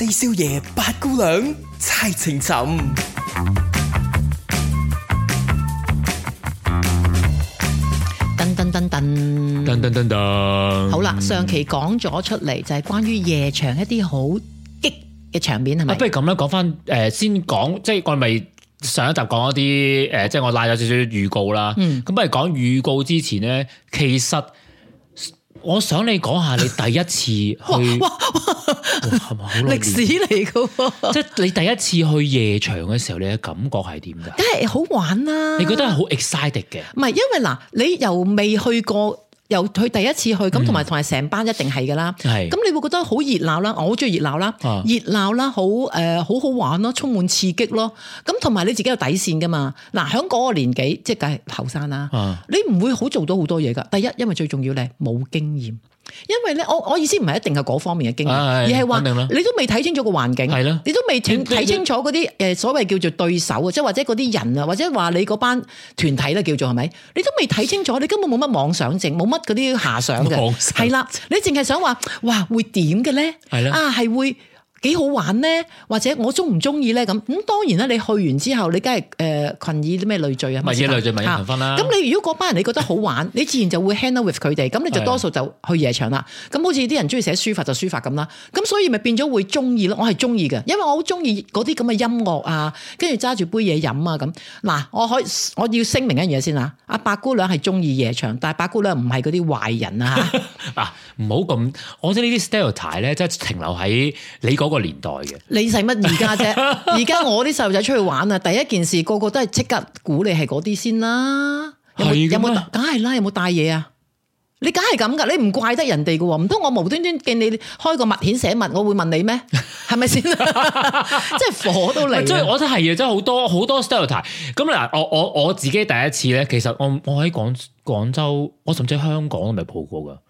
四少爺、八姑娘、猜情尋，噔噔噔噔，噔噔噔噔。好啦，上期講咗出嚟就係關於夜場一啲好激嘅場面，係咪？不如咁樣，講翻誒，先講即係我咪上一集講一啲誒，即係我拉咗少少預告啦。嗯，咁不如講預告之前呢，其實。我想你講下你第一次去，係咪好歷史嚟噶，即係你第一次去夜場嘅時候，你嘅感覺係點㗎？梗係好玩啦、啊！你覺得係好 excited 嘅？唔係，因為嗱，你由未去過。由佢第一次去咁，同埋同埋成班一定係噶啦。咁、嗯、你會覺得好熱鬧啦，我好中意熱鬧啦，啊、熱鬧啦，好誒、呃，好好玩咯，充滿刺激咯。咁同埋你自己有底線噶嘛？嗱、啊，喺嗰個年紀，即係梗係後生啦，啊、你唔會好做到好多嘢噶。第一，因為最重要咧冇經驗。因為咧，我我意思唔係一定係嗰方面嘅經驗，而係話你都未睇清楚個環境，你都未清睇清楚嗰啲誒所謂叫做對手啊，即係或者嗰啲人啊，或者話你嗰班團體咧叫做係咪？你都未睇清楚，你根本冇乜妄想症，冇乜嗰啲遐想嘅，係啦的，你淨係想話哇會點嘅咧？係啦的，啊係會。幾好玩咧？或者我中唔中意咧？咁咁當然啦！你去完之後，你梗係誒羣以啲咩類聚啊？物以類聚，人以群分啦。咁你如果嗰班人你覺得好玩， 你自然就會 handle with 佢哋。咁你就多數就去夜場啦。咁好似啲人中意寫書法就書法咁啦。咁所以咪變咗會中意咯。我係中意嘅，因為我好中意嗰啲咁嘅音樂啊，跟住揸住杯嘢飲啊咁。嗱，我可以我要聲明一樣嘢先啦。阿、啊、八姑娘係中意夜場，但係八姑娘唔係嗰啲壞人啊， 啊。嗱，唔好咁，我覺得呢啲 stereotype 咧，即係停留喺你 個年代嘅，你使乜而家啫？而家我啲細路仔出去玩啊！第一件事個個都係即刻估你係嗰啲先啦。有冇有冇？梗係啦，有冇帶嘢啊？你梗係咁噶？你唔怪得人哋噶喎。唔通我無端端見你開個物險寫物，我會問你咩？係咪先？即係火都嚟。即係我都係啊！真係好多好多 stereotype。咁嗱，我我我自己第一次咧，其實我我喺廣廣州，我甚至香港都未蒲過噶。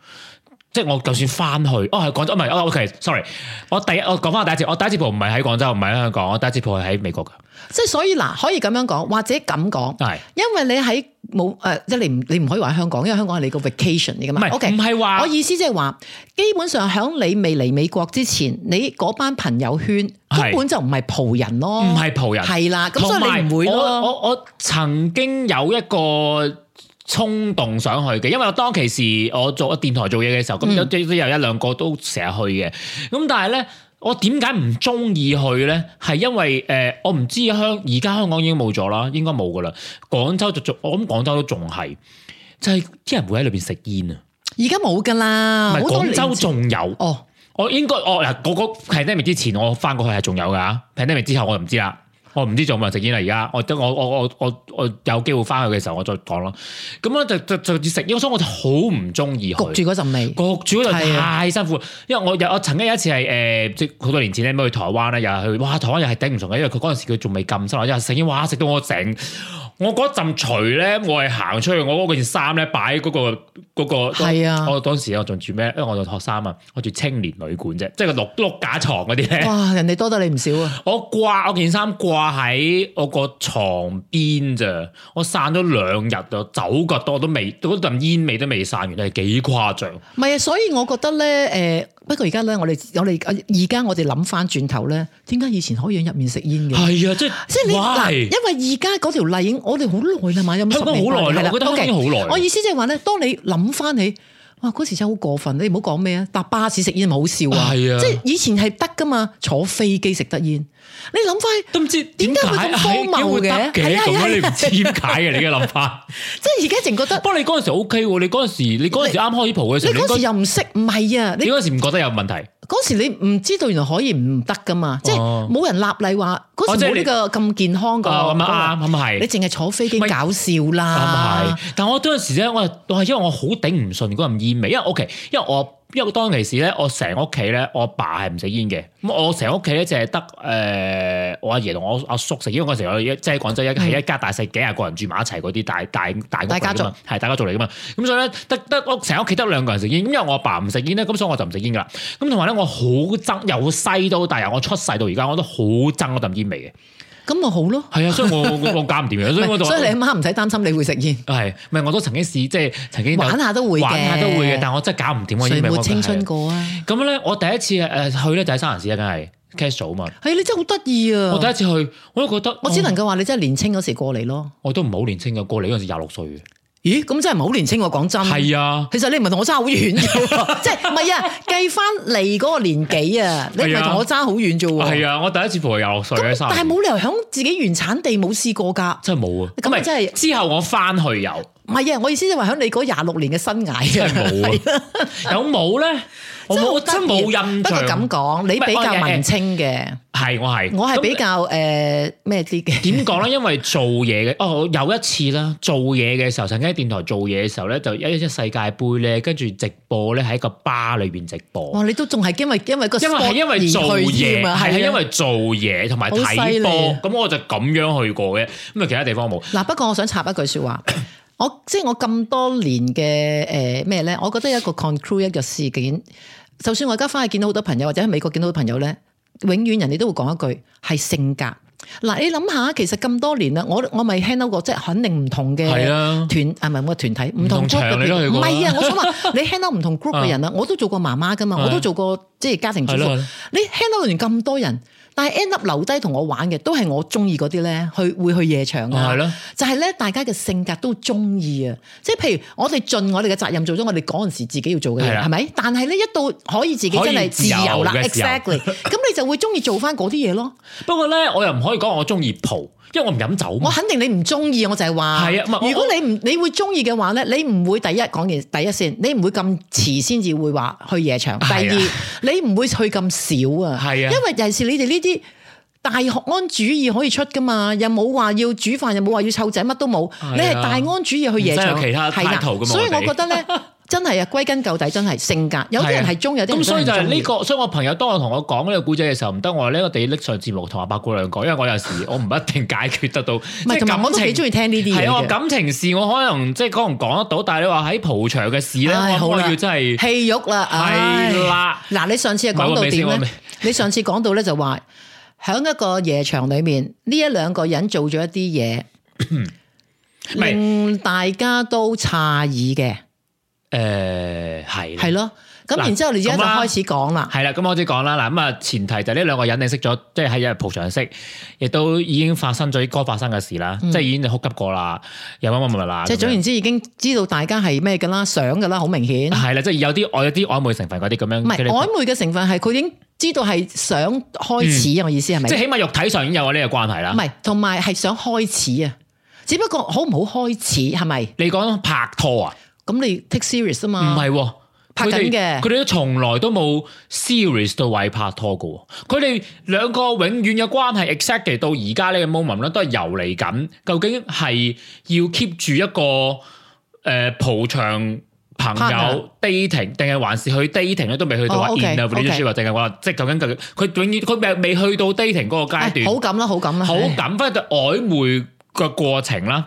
即係我就算翻去，哦係廣州唔係，OK，sorry，我第一我講翻我第一次，我第一次蒲唔係喺廣州，唔係喺香港，我第一次蒲係喺美國噶。即係所以嗱，可以咁樣講，或者咁講，係，因為你喺冇誒，即係你唔你唔可以話喺香港，因為香港係你個 vacation 嚟噶嘛。唔係，唔係話，我意思即係話，基本上喺你未嚟美國之前，你嗰班朋友圈根本就唔係蒲人咯，唔係蒲人，係啦，咁所以你唔會咯。我我曾經有一個。衝動上去嘅，因為我當其時我做咗電台做嘢嘅時候，咁、嗯、有都有一兩個都成日去嘅。咁但係咧，我點解唔中意去咧？係因為誒、呃，我唔知香而家香港已經冇咗啦，應該冇噶啦。廣州就做，我諗廣州都仲係，就係、是、啲人會喺裏邊食煙啊。而家冇㗎啦，不多廣州仲有哦。我應該哦嗱，嗰、那個 pandemic 之前我翻過去係仲有㗎，pandemic 之後我就唔知啦。我唔知做唔做食煙啦，而家我得我我我我我有機會翻去嘅時候，我再講咯。咁咧就就就食煙，所以我就好唔中意焗住嗰陣味，焗住嗰陣味，嗰陣味太辛苦。是的 因為我有我曾經有一次係誒，即、呃、好多年前咧，咁去台灣咧，又係去哇，台灣又係頂唔順嘅，因為佢嗰陣時佢仲未禁，因為食煙哇，食到我成。我嗰陣除咧，我係行出去，我嗰件衫咧擺喺嗰個嗰個。係啊！我當時我仲住咩？因為我係學生啊，我住青年旅館啫，即係個碌碌架床嗰啲咧。哇！人哋多得你唔少啊！我掛，我掛我件衫掛喺我個床邊咋。我散咗兩日就走腳多都未，嗰陣煙味都未散完，係幾誇張。唔係啊，所以我覺得咧，誒、呃。不過而家咧，我哋我哋而家我哋諗翻轉頭咧，點解以前可以喺入面食煙嘅？係啊，即係、即係你，哇因為而家嗰條例已經我哋好耐啦嘛，有冇？香港好耐啦，了我覺得好耐。Okay, 我意思即係話咧，當你諗翻起，哇，嗰時真係好過分，你唔好講咩啊，搭巴士食煙咪好笑啊！係啊，即係以前係得㗎嘛，坐飛機食得煙。你諗翻都唔知點解會咁荒謬嘅，係係係你唔知點解嘅你嘅諗法。即係而家淨覺得。不過你嗰陣時 O K 喎，你嗰陣時你嗰陣時啱開始蒲嘅時候，你嗰時又唔識，唔係啊。你嗰時唔覺得有問題？嗰時你唔知道原來可以唔得噶嘛，即係冇人立例話嗰時冇呢個咁健康噶。啊咁啱咁啊係。你淨係坐飛機搞笑啦。咁係。但我嗰陣時咧，我我係因為我好頂唔順嗰陣煙味，因為 O K，因為我。因為當其時咧，我成屋企咧，我阿爸係唔食煙嘅，咁我成屋企咧淨係得誒我阿爺同我阿叔食煙嗰陣時，我，我，叔叔我即係廣州一係一、嗯、一家大細幾廿個人住埋一齊嗰啲大大大大家族，係大家族嚟噶嘛，咁所以咧得得我成屋企得兩個人食煙，咁因為我阿爸唔食煙咧，咁所以我就唔食煙噶啦，咁同埋咧我好憎由細到大由我出世到而家，我都好憎嗰啖煙味嘅。咁咪好咯，係啊，所以我 我,我搞唔掂嘅，所以我所以你阿媽唔使擔心你會食煙。係、啊，唔我都曾經試，即係曾經玩下都會嘅，玩下都會嘅，但係我真係搞唔掂歲 我煙味。誰冇青春過啊？咁咧，我第一次誒去咧就喺三人市啦，梗係 Castle 啊嘛。係你真係好得意啊！我第一次去、哎啊、我都覺得，我只能夠話你真係年青嗰時過嚟咯。我都唔係好年青嘅，過嚟嗰陣時廿六歲。咦，咁真係唔係好年輕，講真。係啊，其實你唔係同我差好遠啫， 即係唔係啊？計翻嚟嗰個年紀啊， 你唔係同我差好遠啫喎。係啊、哎哎，我第一次陪游水，那但係冇理由響自己原產地冇試過噶。真係冇啊！咁咪真係是之後我翻去游。唔係啊！我意思就話喺你嗰廿六年嘅生涯啊，係啦，有冇咧？我冇真冇印象。不過咁講，你比較文青嘅，係我係，我係比較誒咩啲嘅？點講咧？因為做嘢嘅哦，有一次啦，做嘢嘅時候，曾經喺電台做嘢嘅時候咧，就一一世界盃咧，跟住直播咧，喺個吧裏邊直播。哇！你都仲係因為因為個因為係因為做嘢係係因為做嘢同埋睇波咁，我就咁樣去過嘅。咁啊，其他地方冇。嗱，不過我想插一句說話。我即係我咁多年嘅誒咩咧？我覺得一個 conclude 一個事件，就算我而家翻去見到好多朋友，或者喺美國見到好多朋友咧，永遠人哋都會講一句係性格。嗱，你諗下，其實咁多年啦，我我咪 handle 過即係肯定唔同嘅團，係咪我嘅團體唔同 group 嘅？唔係啊！我想問 你 handle 唔同 group 嘅人啊，我都做過媽媽噶嘛，啊、我都做過即係家庭主婦。的的你 handle 完咁多人？但係 end up 留低同我玩嘅都係我中意嗰啲咧，去會去夜場，係咯、哦，就係咧大家嘅性格都中意啊，即係譬如我哋盡我哋嘅責任做咗，我哋嗰陣時，自己要做嘅嘢，係咪的？但係咧一到可以自己真係自由啦，exactly，咁 你就會中意做翻嗰啲嘢咯。 不過咧，我又唔可以講我中意蒲。因為我唔飲酒，我肯定你唔中意，我就係話，啊、如果你唔我你會中意嘅話咧，你唔會第一講完第一先，你唔會咁遲先至會話去夜場。啊、第二，你唔會去咁少啊，因為尤其是你哋呢啲大學安主義可以出噶嘛，又冇話要煮飯，又冇話要湊仔，乜都冇。啊、你係大安主義去夜場，啊、其他派徒、啊、所以我覺得咧。 真係啊，歸根究底真係性格，的有啲人係中意，有啲人係咁，所以就係呢、這個。所以我朋友當我同我講呢個故仔嘅時候唔得我，我話呢個地拎上節目同阿八姑娘講，因為我有時，我唔一定解決得到。唔係是，我都幾中意聽呢啲嘢。感情事，我可能即係可能講得到，但係你話喺蒲場嘅事咧，唉我要真係戲肉啦。係唉啦，嗱，你上次講到點咧？你上次講到咧就話，喺一個夜場裏面，呢一兩個人做咗一啲嘢， 令大家都詫異嘅。誒，係係咯，咁然之後你而家就開始講啦。係啦，咁我先講啦。嗱，咁啊，前提就呢兩個人你識咗，即係喺一日蒲場識，亦都已經發生咗啲該發生嘅事啦，嗯、即係已經哭物物就哭急過啦，又乜乜乜啦。即係總言之，已經知道大家係咩噶啦，想噶啦，好明顯。係啦、嗯，即係有啲有啲曖昧成分嗰啲咁樣。唔係曖昧嘅成分係佢已經知道係想開始，我意思係咪？即係起碼肉體上已經有呢個關係啦。唔係，同埋係想開始啊，只不過好唔好開始係咪？你講拍拖啊？咁你 take serious 啊嘛？唔係們，拍緊嘅佢哋都從來都冇 serious 到位拍拖嘅。佢哋兩個永遠嘅關係，exactly 到而家呢個 moment 咧都係遊離緊。究竟係要 keep 住一個誒蒲場朋友伴 dating，定係還是去 dating 咧都未去到？然定係話即係究竟佢佢永遠佢未未去到 dating 嗰個階段，好感啦，好感啦，好感，或者就曖昧嘅過程啦。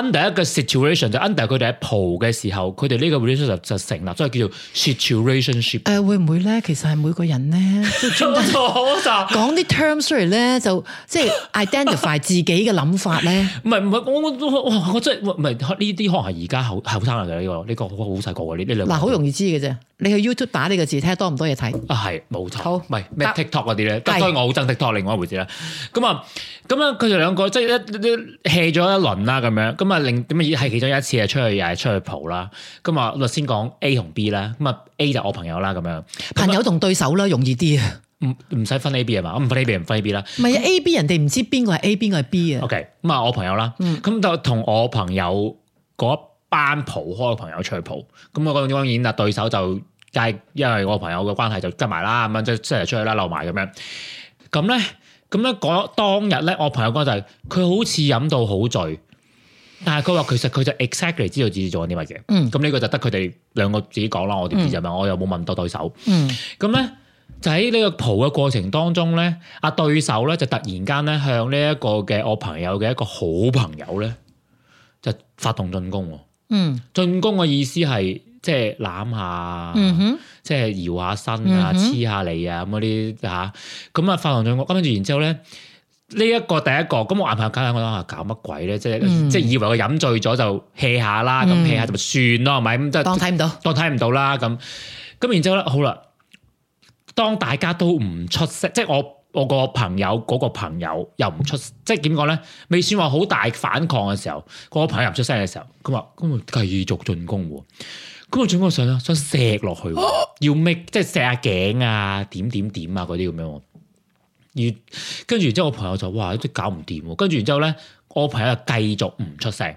under 一個 situation 就 under 佢哋喺蒲嘅時候，佢哋呢個 relationship 就成立，所、就、以、是、叫做 situationship、呃。誒會唔會咧？其實係每個人咧，講啲 term 咧 就即係、就是、identify 自己嘅諗法咧。唔係，唔係，我我我，我，我真係，唔係呢啲可能係而家後後生嚟嘅呢個，呢、這個好細個嘅呢兩嗱，好容易知嘅啫。你去 YouTube 打呢個字，聽下多唔多嘢睇啊？係冇錯。好唔係咩 TikTok 嗰啲咧？所以我好憎 TikTok 另外一回事啦。咁啊咁啊，佢哋、嗯、兩個即係一啲 hea 咗一輪啦，咁樣咁啊，另點啊，係其中一次啊，出去又係出去蒲啦。咁啊，我先講 A 同 B 啦。咁啊，A 就我朋友啦，咁樣朋友同對手啦，容易啲啊、嗯。唔唔使分 AB, A B 係嘛，我唔分 A B 唔分 A B 啦。唔係啊，A B 人哋唔知邊個係 A 邊個係 B 啊。O K，咁啊，我朋友啦，咁、嗯、就同我朋友嗰班蒲開嘅朋友出去蒲。咁、那、我、個、當然啊，對手就梗係因為我朋友嘅關係就跟埋啦，咁樣即係即係出去啦，漏埋咁樣。咁咧，咁咧嗰當日咧，我朋友講就係、是、佢好似飲到好醉。但係佢話其實佢就 exactly 知道自己做緊啲乜嘢。咁呢、嗯、個就得佢哋兩個自己講啦，我點知就咪？嗯、我又冇問到對手，咁咧、嗯、就喺呢個蒲嘅過程當中咧，阿對手咧就突然間咧向呢一個嘅我朋友嘅一個好朋友咧就發動進攻，嗯，進攻嘅意思係即係攬下，即係搖下身啊，黐、嗯、哼下你啊咁嗰啲吓，咁啊發動進攻，跟住然之後咧。呢一個第一個，咁我男朋友梗係我諗下搞乜鬼咧？嗯、即係即係以為我飲醉咗就 hea 下啦，咁 hea 下就咪算咯，係咪、嗯？咁就當睇唔到，當睇唔到啦。咁咁然之後咧，好啦，當大家都唔出聲，即係我我個朋友嗰、嗰個朋友又唔出聲，即係點講咧？未算話好大反抗嘅時候，嗰個朋友唔出聲嘅時候，咁啊咁啊繼續進攻喎，咁啊進攻上，啊想錫落去，哦、要咩？即係錫下頸啊，點點點啊，嗰啲咁樣。跟住，然之後我朋友就哇，都搞唔掂喎。跟住，然之後咧，我朋友繼續唔出聲，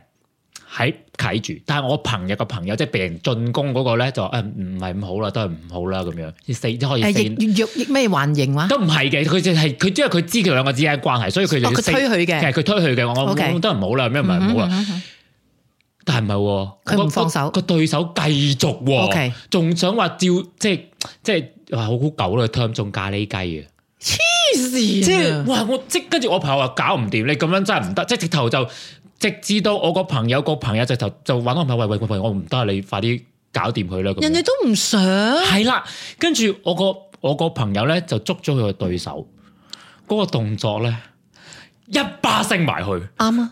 喺企住。但係我朋友嘅朋友即係被人進攻嗰個咧，就誒唔係唔好啦，都係唔好啦咁樣。四即可以見弱弱咩幻形話都唔係嘅，佢就係佢，因為佢知佢兩個之間關係，所以佢就、哦、推佢嘅。其實佢推佢嘅，我覺得唔好啦，咩唔係唔好啦，嗯嗯嗯嗯、但係唔係喎，佢唔放手個，個，個，個，個對手繼續喎，仲、哦、Okay. 想話照即係即係哇，好好狗啦，吞中咖喱雞啊！即係，哇來！我即跟住我朋友話，搞唔掂！你咁樣真係唔得，即係直頭就直至到我個朋友個朋友直就就搵我朋友喂喂喂。我唔得啊！你快啲搞掂佢啦！人哋都唔想，係啦、嗯。跟住我個我個朋友咧就捉咗佢個對手，嗰、那個動作咧一巴升埋去，啱啊！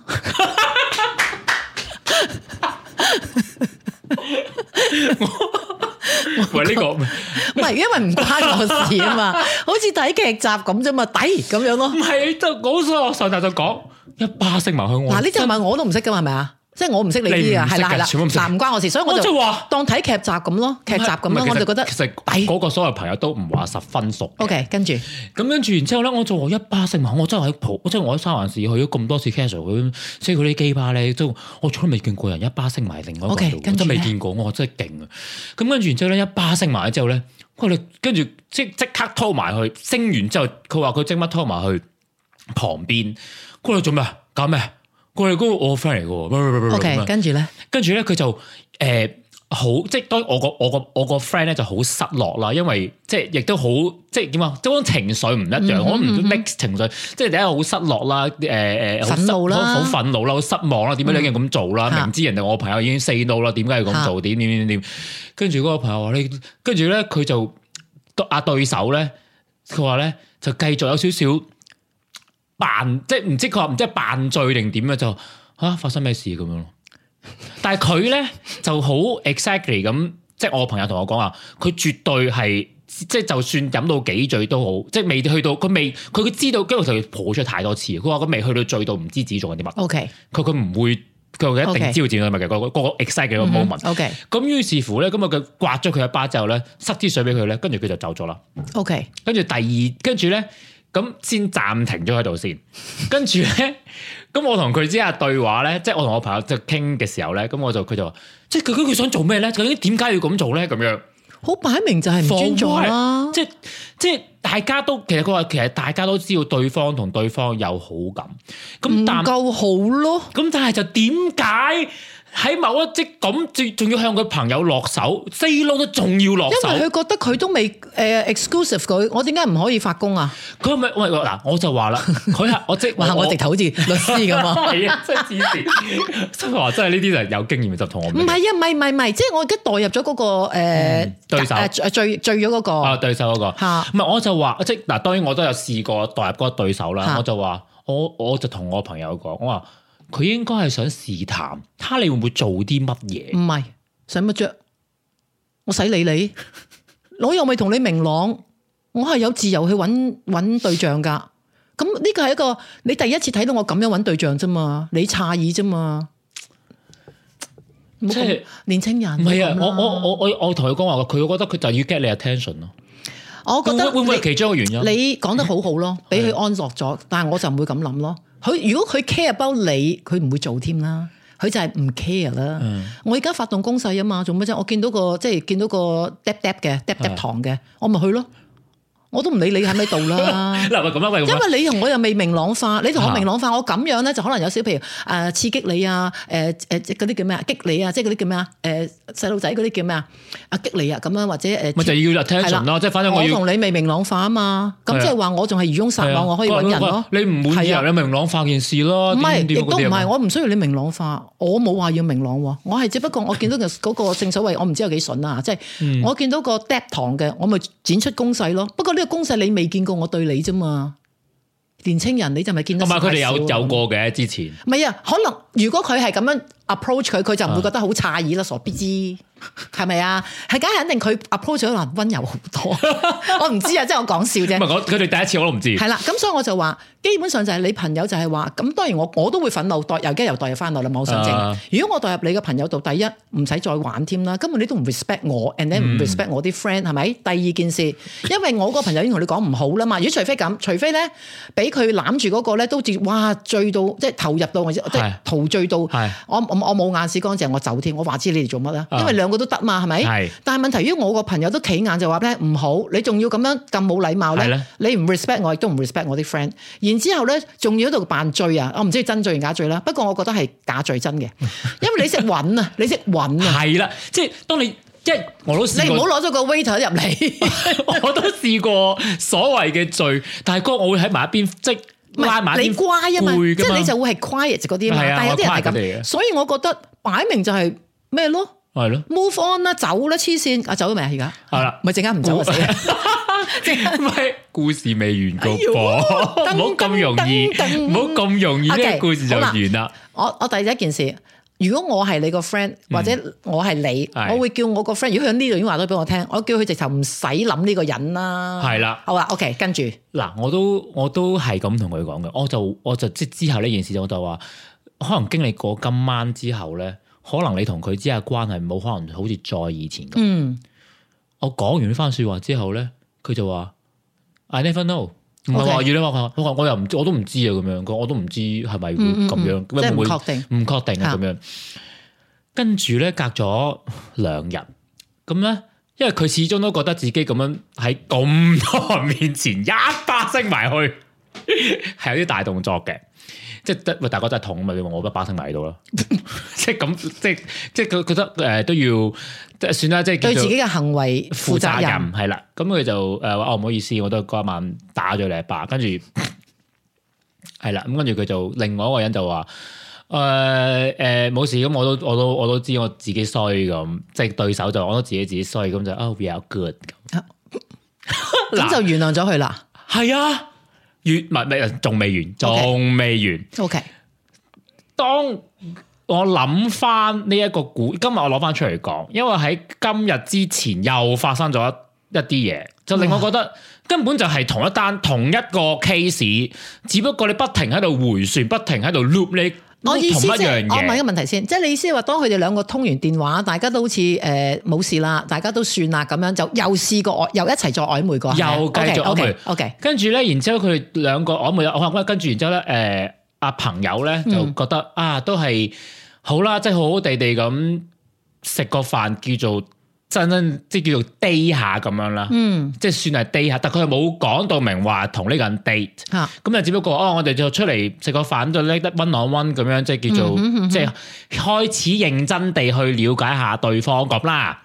喂，呢個唔係，因為唔關我事啊嘛， 好似睇劇集咁啫嘛，抵，咁樣咯。唔係，你就講咗，上集就講一巴食埋香我，嗱喏，呢隻係咪我都唔識噶嘛，係咪啊？即係我唔識你啲啊，係啦，全唔關我事，所以我即係話當睇劇集咁咯，劇是集咁咯，是我就覺得其實嗰個所有朋友都唔話十分熟。哎、o、okay, K，跟住咁跟住然之後咧，我就我一巴升埋，我真係喺蒲，我真係我喺三藩市去咗咁多次 casual，即係嗰啲機巴咧，都，我從來未見過人一巴升埋另外一個人，okay, 我真未見過，我真係勁啊！咁跟住然之後咧，一巴升埋之後咧，我哋，跟住即即刻拖埋去升完之後，佢話佢即刻拖埋去旁邊，佢度做咩？搞咩？佢哋嗰個我個 friend 嚟嘅，OK，跟住咧，跟住咧，佢就誒好，即係當我個我個我個 friend 咧就好失落啦，因為即係亦都好，即係點啊，即係嗰種情緒唔一樣，嗯嗯嗯我唔知，情緒，即係第一好失落啦，誒、呃、誒，憤怒啦，好憤怒啦，好失望啦，點解你咁樣咁做啦？明知人哋是的 我朋友已經死到啦，點解要咁做？點點點點，跟住嗰個朋友話你，跟住咧佢就壓對手咧，佢話咧就繼續有少少。扮即係唔知，佢話唔知扮醉定點咧，就吓、啊、發生咩事咁樣，但係佢咧就好 exactly 咁， 即係我朋友同我講話，佢絕對係即係就算飲到幾醉都好，即係未去到佢未佢佢知道，跟住就抱咗太多次，佢話佢未去到醉到唔知自己做緊啲乜。OK，佢佢唔會，佢一定知道自己係咪啊嘛，Okay. 個個個 exactly 個 moment。OK，咁於是乎咧，咁啊佢刮咗佢一巴之後咧，塞啲水俾佢咧，跟住佢就走咗啦。OK，跟住 Okay. 第二，跟住咧。咁先暫停咗喺度先，跟住咧，咁我同佢之下對話咧，即係我同我朋友就傾嘅時候咧，咁我就佢就話即係佢佢想做咩咧？究竟點解要咁做咧？咁樣，好擺明就係唔尊重啦、啊。即係即係大家都其實佢話其實大家都知道對方同對方有好感，咁唔夠好咯。咁但係就點解？喺某一職咁，仲仲要向佢朋友落手，四佬都仲要落手。因為佢覺得佢都未誒、呃、exclusive，佢我點解唔可以發功啊？佢咪喂嗱，我就話啦，佢係 我即話我直頭好似律師咁 啊！係真係事實， 真係話真係呢啲就係有經驗就同我唔係啊，唔係唔係唔係，即係我而家代入咗嗰、那個誒、呃嗯、對手誒，追追咗嗰個啊對手、那個吓，唔係 我就話即嗱，當然我都有試過代入嗰個對手啦， 我就話我我就同我朋友講、那個，我話。我佢應該係想試探，睇你會唔會做啲乜嘢？唔係，使乜着？我使理你？我又未同你明講，我係有自由去揾揾對象噶。咁呢個係一個你第一次睇到我咁樣揾對象啫嘛，你詫異啫嘛。即係年青人、就是。唔係啊！我我我我我同佢講話，佢覺得佢就要 get 你 attention 咯。我覺得會唔會其中一個原因？你講得好好咯，俾佢安樂咗。 的但係我就唔會咁諗咯。如果佢 care about 你，佢唔會做添啦。佢就係唔 care 啦。嗯、我而家發動攻勢啊嘛，做乜啫？我見到個，即係見到個嗒嗒嘅、嗒嗒糖嘅，的我咪去咯。我都唔理你喺咪度啦。嗱，咁樣，因為你同我又未明朗化，你同我明朗化，我咁樣咧就可能有少少，譬如誒刺激你啊，誒誒嗰啲叫咩激你啊，即係嗰啲叫咩啊，誒細路仔嗰啲叫咩啊，啊激你啊咁樣或者誒。咪就要 attention 咯，即係反正我同你未明朗化啊嘛，咁即係話我仲係漁翁撒網，我可以揾人咯。你唔滿意啊？你明朗化件事咯。唔係，亦都唔係，我唔需要你明朗化，我冇話要明朗喎，我係只不過我見到個嗰個正所謂，我唔知有幾筍啊，即係我見到個 dead 堂嘅，我咪展出攻勢咯。不過。因為公式你未見過我對你啫嘛，年青人你就咪見得太少。同埋佢哋有有過嘅之前，唔係啊，可能如果佢係咁樣。approach 佢，佢就唔會覺得好詫異啦，傻逼之，係咪啊？係，梗係肯定佢 approach 可能溫柔好多我唔知啊，即係我講笑啫。佢哋第一次我都唔知。係啦，咁所以我就話，基本上就係你朋友就係話，咁當然我我都會憤怒代，又驚又代入翻落啦冇上證。Uh uh. 如果我代入你嘅朋友度，第一唔使再玩添啦，根本你都唔 respect 我，and 唔 respect 我啲 friend 係咪？第二件事，因為我個朋友已經同你講唔好啦嘛。如果除非咁，除非咧俾佢攬住嗰個咧，都接哇醉到即係投入到、uh. 即係陶醉到我。Uh. 我冇眼屎乾淨，我走添。我話知你哋做乜啦。因為兩個都得嘛，係咪？係是。但係問題，如果我個朋友都企眼就話咧，唔好，你仲要咁樣咁冇禮貌咧？的你唔 respect 我，亦都唔 respect 我啲 friend。然之後咧，仲要喺度扮醉啊！我唔知真醉定假醉啦。不過我覺得係假醉真嘅，因為你識搵 啊，你識搵啊。係啦，即係當你即係我都你唔好攞咗個 waiter 入嚟。 我都試過所謂嘅醉，但係哥我會喺埋一邊即。唔係你乖啊嘛，即係你就會係 quiet 嗰啲啊嘛，但係有啲人係咁，所以我覺得擺明就係咩咯，係咯，move on 啦，走啦，黐線，啊走咗未啊？而家係啦，咪陣間唔走咗先，即係故事未完告播，唔好咁容易，唔好咁容易即係故事就完啦。我我第一件事。如果我係你個 friend，或者我係你，嗯、我會叫我個 friend。的如果佢喺呢度已經話咗俾我聽，我叫佢直頭唔使諗呢個人啦。係啦的，好啦 OK，跟住嗱，我都我都係咁同佢講嘅。我就我就即之後呢件事，我就話可能經歷過今晚之後咧，可能你同佢之間關係冇可能好似再以前咁。嗯，我講完番説話之後咧，佢就話 I never know。唔係話要你話佢，我又唔知，我都唔知啊，咁樣，我都唔知係咪會咁樣，即係唔確定，唔確定啊，咁樣。嗯、跟住咧，隔咗兩日，咁咧，因為佢始終都覺得自己咁樣喺咁多人面前一巴升埋去，係 有啲大動作嘅。即係、就是、 得，咪大哥真係痛啊嘛。你話我把聲埋喺度啦，即係咁，即係即係佢覺得誒都要，即係算啦，即係對自己嘅行為負責任係啦。咁佢就誒哦唔、哦、好意思，我都嗰晚打咗你阿爸，跟住係啦。咁跟住佢就另外一個人就話誒誒冇事，咁我都我都我都，我都知我自己衰咁，即係對手就我都自己自己衰咁就啊，we are good 咁，哦、 就原諒咗佢啦。係啊。越唔咪，仲未完，仲未完。O Okay . K，當我諗翻呢一個股，今日我攞翻出嚟講，因為喺今日之前又發生咗一啲嘢，就令我覺得哇根本就係同一單、同一個 case，只不過你不停喺度回旋，不停喺度 loop。我意思即、就、係、是，我問一個問題先，即係你意思話，當佢哋兩個通完電話，大家都好似誒冇事啦，大家都算啦咁樣，就又試過，又一齊再曖昧過，又繼續 OK，跟住咧，然之後佢哋兩個曖昧，我話喂，跟住然之後咧，誒阿朋友咧就覺得、嗯、啊，都係好啦，即係好好地地咁食個飯叫做。真真即係叫做低下咁樣啦，即係算係低下，但係佢冇講到明話同呢個人 date，咁就只不過哦，我哋就出嚟食個飯，就呢得温朗温咁樣，即係叫做即係開始認真地去了解下對方咁啦。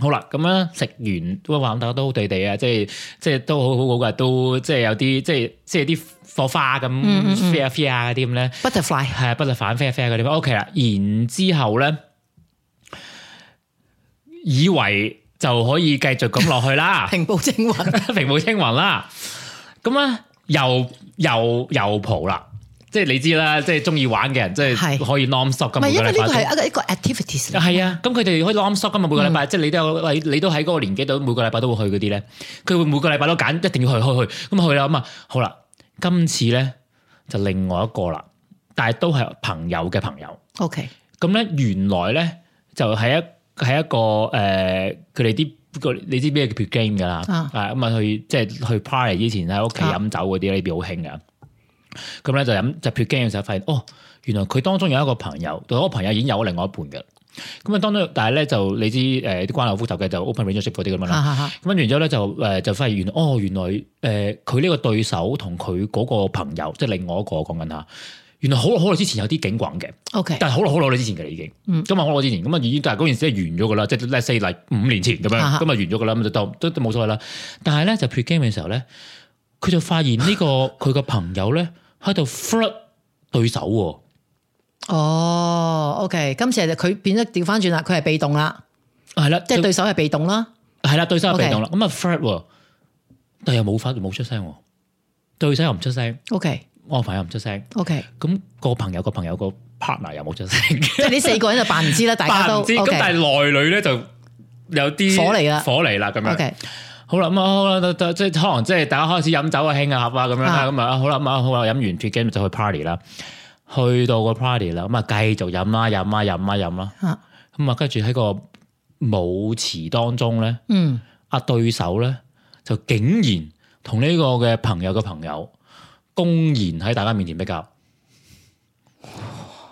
好啦，咁樣食完都兩温，大家都好地地啊，即係即係都好好好㗎，都即係有啲即係即係啲火花咁飛下飛啲咁咧。Butterfly 係啊，Butterfly 飛啲。O K 啦，然之後咧。以為就可以繼續咁落去啦， 平步青雲，平步青雲啦。咁咧，又又又蒲啦，即係你知啦，即係中意玩嘅人，是即係可以攬縮咁樣嘅活動。唔係，因為呢個係一個一個 activities。係啊，咁佢哋可以攬縮㗎嘛？每個禮拜，即係你都有，你都喺嗰個年紀度，每個禮拜都會去嗰啲咧。佢會每個禮拜都揀，一定要去去去。咁去啦，咁啊，好啦，今次咧就另，另，另，另外一個啦，但係都係朋友嘅朋友。OK，咁咧 原來咧就係、是、一。係一個誒，佢哋啲個你知咩叫撇 game 噶啦，咁啊去即係去 party 之前喺屋企飲酒嗰啲咧，好興噶。咁咧、嗯、就飲就撇 game 嘅時候發現哦，原來佢當中有一個朋友，嗰個朋友已經有另外一半嘅。咁啊當中，但係咧就你知誒，啲關口複雜嘅就是、open relationship 嗰啲咁樣啦。咁跟住然之後咧就誒就發現原、哦，原來哦原來誒佢呢個對手同佢嗰個朋友，即、就、係、是、另外一個講緊啦。原來好耐好耐之前有啲警棍嘅，但係好耐好耐之前嘅啦已經。今日好耐之前，咁啊已經，但係嗰件事係完咗噶啦，即係 like say，like 五年前咁樣，咁啊完咗噶啦，咁就都都冇所謂啦。但係咧就 pre game 嘅時候咧，佢就發現呢個佢個朋友咧喺度 flirt 對手喎。哦，OK，今次係佢變咗調翻轉啦，佢係被動啦。係啦，即係對手係被動啦。係啦，對手係被動啦。咁啊 flirt 喎，但係又冇發冇出聲，對手又唔出聲。OK。我朋友唔出聲，OK，咁個朋友、個朋友、個 partner 又冇出聲，即係呢四個人就扮唔知啦，大家都知，Okay. 但係內裏咧就有啲火嚟啦，火嚟啦咁樣，好啦，咁、嗯、啊，即係可能即係大家開始飲酒啊，興啊，合啊咁樣啦，咁啊，好啦，咁啊，好啦，飲完脱 game 就去 party 啦，去到個 party 啦，咁啊繼續飲啦，飲啊，飲啊，飲啦，咁啊，跟住喺個舞池當中咧，嗯，阿、啊、對手咧就竟然同呢個嘅朋友嘅朋友。公然喺大家面前劈交，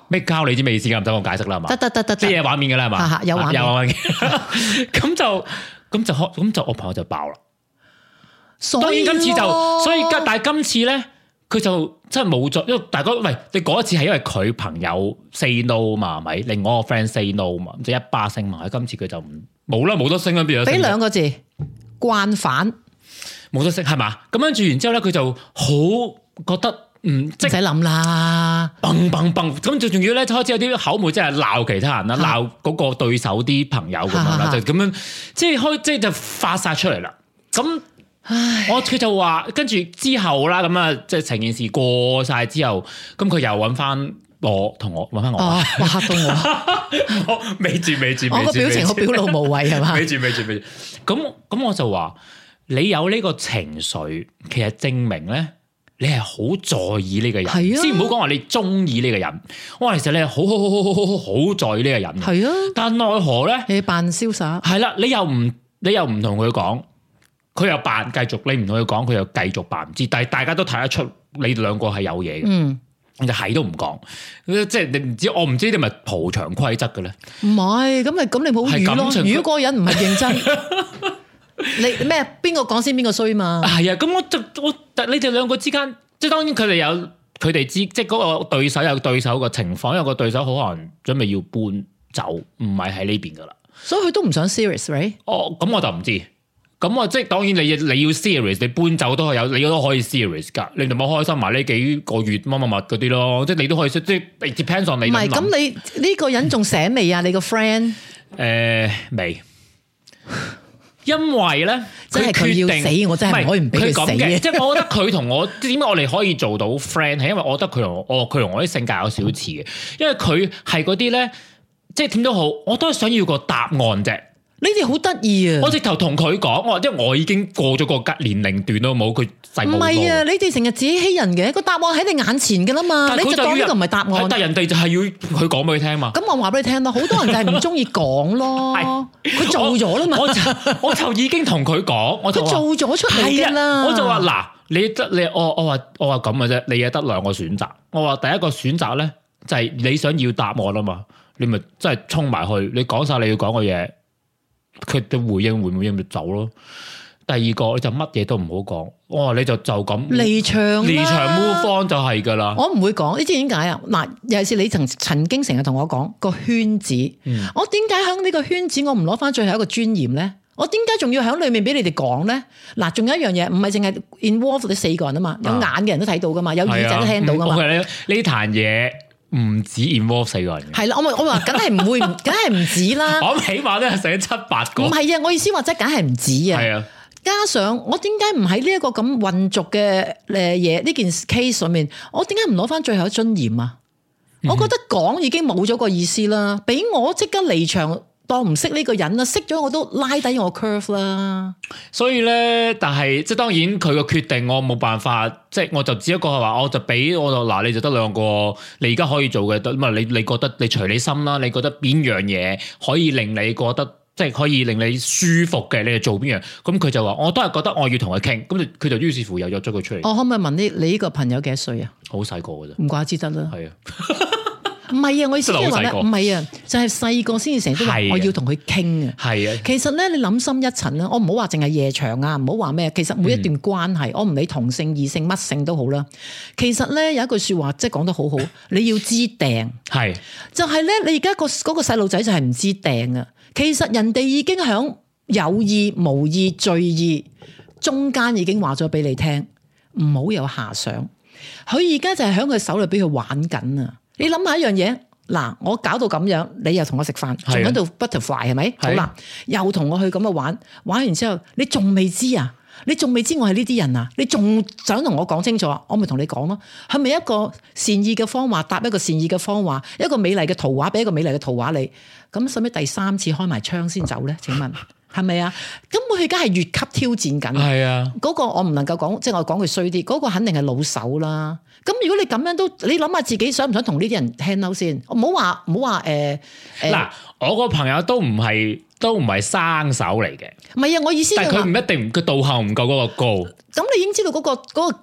咩交你知咩意思噶？唔使我解釋啦，係嘛？即係畫面噶啦，係嘛、嗯啊嗯啊？有畫面。咁、啊嗯、 就咁就咁就我朋友就爆啦。當然今次就雖然 所以但就，但係今次咧，佢就真係冇再，因為大家喂，你嗰一次係因為佢朋、no，朋友 say no 嘛，係咪？另外我 friend say no 嘛，就一巴聲嘛。今次佢就唔冇啦，冇得聲啊，邊有？俾兩個字慣犯，冇得聲係嘛？咁樣住完之後咧，佢就好。覺得唔即使諗啦、呃，嘣嘣嘣！咁仲重要咧，開始有啲口沫，即係鬧其他人啦，鬧嗰個對手啲朋友咁樣啦，就咁、是、樣，即係開即係就發晒出嚟啦。咁我佢就話，跟住之後啦，咁啊，即係成件事過晒之後，咁佢又揾翻我同我揾翻我，嚇到我，未未接未接，啊、我個 表情我表露無遺，係嘛，未接未接未接。咁咁我就話，你有呢個情緒，其實證明咧。 你係好在意呢個人，啊、先唔好講話你中意呢個人。哇，其實你係好好好好好好好在意呢個人。係啊，但奈何咧，你扮瀟灑。係啦，你又唔，你又唔同佢講，佢又扮繼續。你唔同佢講，佢又繼續扮唔知。但係大家都睇得出，你哋兩個係有嘢嘅。嗯，就係都唔講，即係你唔知，我唔知你咪蒲場規則嘅咧。唔係，咁咪咁你冇語咯。如果個人唔係認真。 你咩？邊個講先？邊個衰嘛？係啊，咁、嗯、我就我，你哋兩個之間，即係當然佢哋有佢哋之，即係嗰個對手有對手個情況，有個對手好可能準備要搬走，唔係喺呢邊噶啦。所以佢都唔想 serious，r、right? 哦，咁我就唔知。咁我即係當然，你你要 serious，你搬走都係有，你，你，什麼什麼什麼你都可以 serious 噶。你咪開心埋呢幾個月乜乜乜嗰啲咯，即係你都可以即係 depends on 你。唔係是，咁你呢個人仲寫未啊？ 你個 friend？誒，未。 因為咧，佢要死，我真係唔可以唔俾佢死嘅，即係 我覺得佢同我點解我哋可以做到 friend 係 因為我覺得佢同我佢同我啲性格有少少似嘅，因為佢係嗰啲咧，即係點都好，我都係想要個答案啫。你哋好得意啊！我直頭同佢講，我即係我已經過咗個隔年齡段咯冇佢細冇我。唔係啊！你哋成日自欺欺人嘅個答案喺你眼前嘅啦嘛，你就講呢個唔係答案，但係人哋就係要佢講俾佢聽嘛。咁我話俾你聽咯好多人就係唔中意講咯佢做咗啦嘛，我就我就已經同佢講，我就話佢做咗出嚟，啦我就話嗱，你得你我我話我話咁嘅啫，你嘢得兩個選擇，我話第一個選擇咧就係你想要答案啊嘛，你咪真係衝埋去，你講晒你要講嘅嘢。佢嘅回應回唔回應咪走咯？第二個你就乜嘢都唔好講，哇、哦！你就就咁離場啦，離場 move on 就係噶啦。我唔會講，你知點解啊？嗱，尤其是你曾曾經成日同我講個圈子，嗯、我點解喺呢個圈子我唔攞翻最後一個尊嚴咧？我點解仲要喺裡面俾你哋講咧？嗱，仲有一樣嘢，唔係淨係 involve 你四個人啊嘛，有眼嘅人都睇到噶嘛，有耳仔都聽到噶嘛。呢壇嘢。嗯 okay, 唔止 involve 四個人，係啦，我咪我話，梗係唔會，梗係唔止啦。 我諗起碼都係死七八個。唔係啊，我意思話即係，梗係唔止啊。係啊，加上我點解唔喺呢一個咁混濁嘅誒嘢呢件 case 上面？我點解唔攞翻最後一尊嚴啊？ 我覺得講已經冇咗個意思啦，俾我即刻離場。當唔識呢個人啦，識咗我都拉低我 curve 啦。所以咧，但係即係當然佢嘅決定，我冇辦法，即係我就只不過係話，我就俾我就嗱，你就得兩個，你而家可以做嘅，咁啊，你你覺得你隨你心啦，你覺得邊樣嘢，可以令你覺得即係可以令你舒服嘅，你就做邊樣。咁、嗯、佢就話，我都係覺得我要同佢傾，咁佢就於是乎又約咗佢出嚟。我可唔可以問呢？你呢個朋友幾多歲啊？好細個噶啫，唔怪之得啦。係是啊。 唔係啊！我意思係話咧，唔係、就係、啊，就係細個先至成日都話我要同佢傾啊。係啊，其實咧，你諗深一層咧，我唔好話淨係夜場啊，唔好話咩。其實每一段關係，嗯、我唔理同性、異性、乜性都好啦。其實咧有一句説話，即係講得好好，你要知定係的就係咧。你而家、個嗰個、嗰個細路仔就係唔知定啊。其實人哋已經喺有意無意、醉意中間已經話咗俾你聽，唔好有遐想。佢而家就係喺佢手裏畀佢玩緊啊。你諗下一樣嘢，嗱，我搞到咁樣，你又同我食飯，仲喺度 butterfly 係咪？的好啦，又同我去咁樣玩，玩完之後，你仲未知啊？你仲未知我係呢啲人啊？你仲想同我講清楚？我咪同你講咯，係咪一個善意嘅謊話搭一個善意嘅謊話，一個美麗嘅圖畫俾一個美麗嘅圖畫你？咁使唔使第三次開埋窗先走呢？請問？係咪啊？咁佢而家係越級挑戰緊。係啊。嗰個我唔能夠講，即係我講佢衰啲。嗰個肯定係老手啦。咁如果你咁樣都，你諗下自己想唔想同呢啲人 handle 先？唔好話唔好話誒誒。嗱、欸欸，我個朋友都唔係都唔係生手嚟嘅。唔係啊，我意思。但佢唔一定，佢道行唔夠嗰個高。咁你已經知道嗰個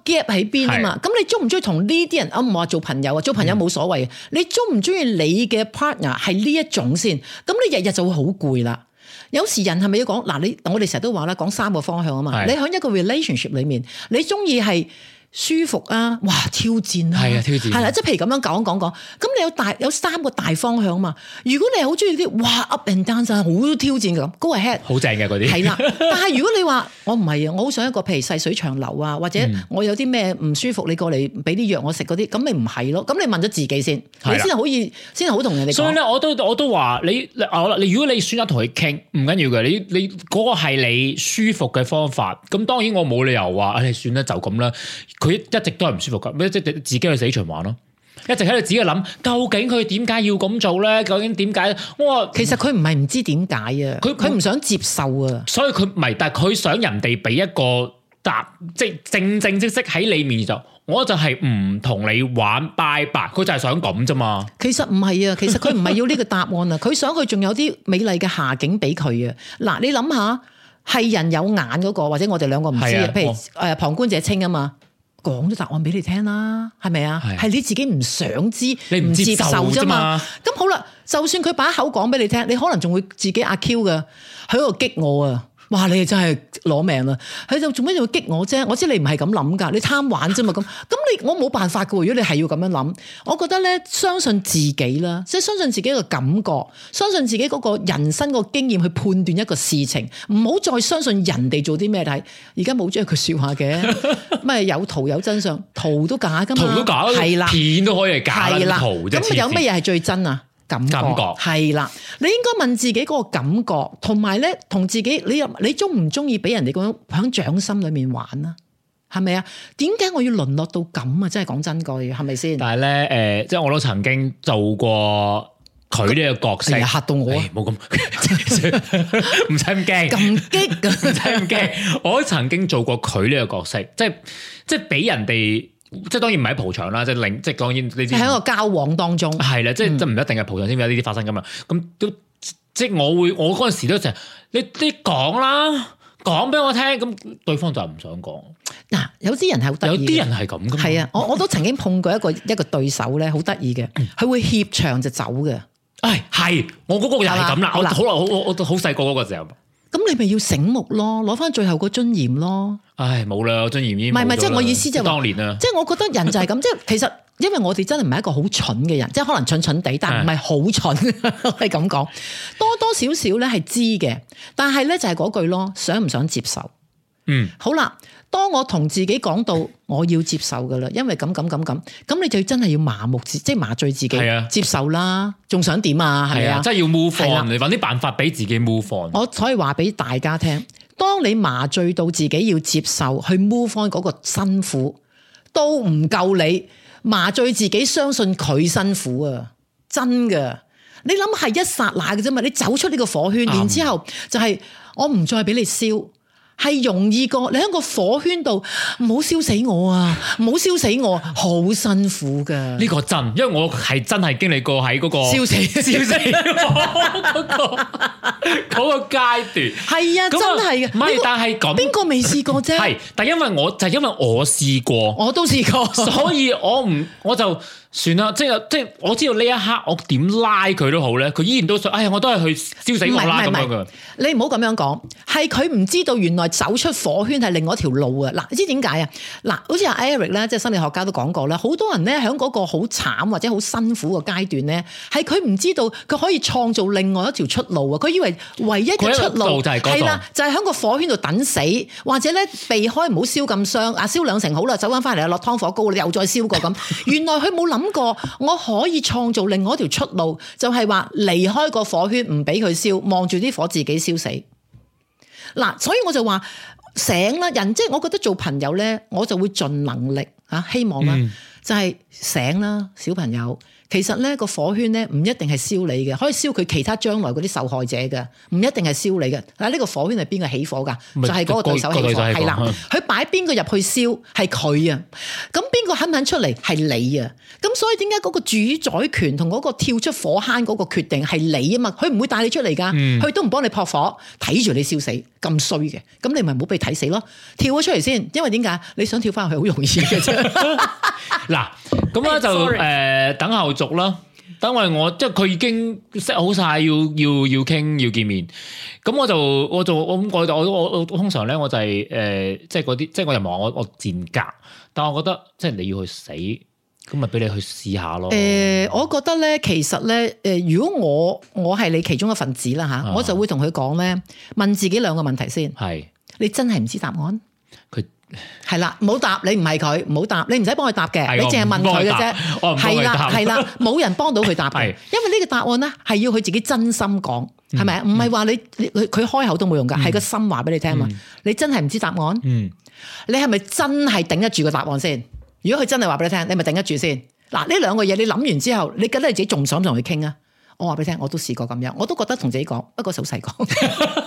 gap 喺邊啊嘛？咁你中唔中意同呢啲人啊？唔話做朋友啊，做朋友冇所謂。嗯、你中唔中意你嘅 partner 係呢一種先？咁你日日就會好攰啦。有時人係咪要講？嗱，你我哋成日都話啦，講三個方向啊嘛。是的 你喺一個 relationship 裡面，你中意係。舒服啊，哇，挑戰啊，係啊挑戰啊，係啦，即係譬如咁樣講講講，咁你有大有三個大方向嘛？如果你係好中意啲哇 up and down 好挑戰嘅咁，go ahead 好正嘅嗰啲，係啦。但係如果你話 我唔係啊，我好想一個譬如細水長流啊，或者我有啲咩唔舒服，你過嚟俾啲藥我食嗰啲，咁咪唔係咯？咁你問咗自己先，你先係可以先係的好同人哋。所以咧，我都我都話你啊，你如果你選擇同佢傾唔緊要嘅，你你嗰個係你舒服嘅方法。咁當然我冇理由話你算啦就咁啦。佢一直都係唔舒服噶，咪即係自己去死循環咯，一直喺度自己諗，究竟佢點解要咁做咧？究竟點解？我話其實佢唔係唔知點解啊，佢佢唔想接受啊，所以佢唔係，但係佢想人哋俾一個答，即係正正式式喺你面就，我就係唔同你玩拜拜，佢就係想咁啫嘛。其實唔係啊，其實佢唔係要呢個答案啊，佢 想佢仲有啲美麗嘅下境俾佢啊。嗱，你諗下，係人有眼嗰、嗰個，或者我哋兩個唔知，譬、啊、如誒、哦、旁觀者清啊嘛。講咗答案俾你聽啦，係咪啊？係你自己唔想知，你唔接受啫嘛。咁好啦，就算佢把口講俾你聽，你可能仲會自己阿 Q 㗎，喺度激我啊！哇！你真係攞命啦！喺度做咩要激我啫？我知你唔係咁諗噶，你貪玩啫嘛咁。咁你我冇辦法噶。如果你係要咁樣諗，我覺得咧，相信自己啦，即係相信自己個感覺，相信自己嗰個人生個經驗去判斷一個事情，唔好再相信人哋做啲咩睇。而家冇咗一句說話嘅，咩？ 有圖有真相，圖都假噶嘛，係啦，片都可以係假嘅啦啦圖咁有咩嘢係最真啊？感覺係啦覺，你應該問自己嗰個感覺，同埋咧，同自己你又你中唔中意俾人哋咁喺掌心裏面玩啊？係咪啊？點解我要淪落到咁啊？真係講真句，係咪先？但係咧，誒、呃，即係我都曾經做過佢呢個角色吓、哎、到我，冇咁唔使咁驚咁激嘅， 唔使咁驚。我都曾經做過佢呢個角色，即係即係俾人哋。即係當然唔係喺蒲場啦，即係另即係當然你喺一個交往當中係啦，即係即係唔一定係蒲場先有呢啲發生噶嘛。咁都、嗯、即係我會，我嗰陣時都成日，你講啦，講俾我聽，咁對方就唔想講。嗱、啊，有啲人係好得意，有啲人係咁嘅。係啊，我我都曾經碰過一個一個對手咧，好得意嘅，佢會怯場就走嘅。唉，係，我嗰個又係咁啦，啊啊啊、我好耐，我我我都好細個嗰個時候。咁你咪要醒目咯，攞翻最後個尊嚴咯。唉，冇啦，我尊嚴已經唔係唔係，即係我意思即係話，當年啊，即係我覺得人就係咁， 即係其實因為我哋真係唔係一個好蠢嘅人， 即係可能蠢蠢地，但係唔係好蠢，係咁講，多多少少咧係知嘅，但係咧就係嗰句咯，想唔想接受？嗯，好啦。當我同自己講到我要接受噶啦，因為咁咁咁咁，咁你就真係要麻木自己，即係麻醉自己，啊、接受啦，仲想點啊？係啊，真係、啊就係、要 move on，、啊、你搵啲辦法俾自己 move on。我可以話俾大家聽，當你麻醉到自己要接受去 move on 嗰個辛苦，都唔夠你麻醉自己，相信佢辛苦啊！真噶，你諗係一剎那嘅啫嘛，你走出呢個火圈，嗯、然之後就係我唔再俾你燒。係容易過你喺個火圈度，唔好燒死我啊！唔好燒死我，好辛苦噶。呢個真，因為我係真係經歷過喺嗰、嗰個燒死燒 死嗰、嗰個嗰 個階段。係啊，真係嘅。唔係不，個但係咁邊個未試過啫？係、呃，但因為我就係、因為我試過，我都試過，所以我唔我就。算啦，即係即係我知道呢一刻我點拉佢都好咧，佢依然都想，哎呀我都係去燒死我啦咁樣嘅。你唔好咁樣講，係佢唔知道原來走出火圈係另外一條路啊！嗱，你知點解啊？嗱，好似阿 Eric 咧，即係心理學家都講過啦，好多人咧喺嗰個好慘或者好辛苦嘅階段咧，係佢唔知道佢可以創造另外一條出路啊！佢以為唯一嘅出路，路就係嗰、嗰個，就係喺個火圈度等死，或者咧避開唔好燒咁傷啊，燒兩成好啦，走翻翻嚟啊，落湯火高，你又再燒過咁。原來佢冇諗。諗過我可以創造另外一條出路，就係話離開個火圈，唔俾佢燒，望住啲火自己燒死。嗱、啊，所以我就話醒啦，人即係我覺得做朋友咧，我就會盡能力吓、啊，希望啦、啊嗯、就係醒啦，小朋友。其實咧個火圈咧唔一定係燒你嘅，可以燒佢其他將來嗰啲受害者嘅，唔一定係燒你嘅。但呢個火圈係邊個起火㗎？是就係嗰個對手起火，係啦。佢擺邊個入去燒係佢啊。咁邊個肯唔肯出嚟係你啊？咁所以點解嗰個主宰權同嗰個跳出火坑嗰個決定係你啊嘛？佢唔會帶你出嚟㗎，佢、嗯、都唔幫你撲火，睇住你燒死咁衰嘅。咁你咪唔好俾睇死咯，跳咗出嚟先。因為點解你想跳翻去好容易嘅啫？ 嗱，咁咧、啊哎、就誒等後續啦。等為我即係佢已經 set 好晒，要要要傾，要見面。咁我就我就我咁，我就我我我通常咧，我就係誒，即係嗰啲，即係我又話我、就是呃就是就是、我賤格。但我覺得即係你要去死，咁咪俾你去試下咯。誒、呃，我覺得咧，其實咧，誒，如果我我係你其中一份子啦嚇，啊嗯、我就會同佢講咧，問自己兩個問題先。係是，你真係唔知答案？係啦，唔好答你唔係佢，唔好答你唔使幫佢答嘅，你淨係的問佢嘅啫。係啦，係啦，冇人幫到佢答，因為呢個答案咧係要佢自己真心講，係咪啊？唔係話你佢佢開口都冇用噶，係、嗯、個心話俾你聽啊嘛。嗯、你真係唔知答案，嗯、你係咪真係頂得住個答案先、嗯？如果佢真係話俾你聽，你咪頂得住先。嗱，呢兩個嘢你諗完之後，你覺得你自己仲想唔想同佢傾啊？我話俾你聽，我都試過咁樣，我都覺得同自己講，不過手勢講。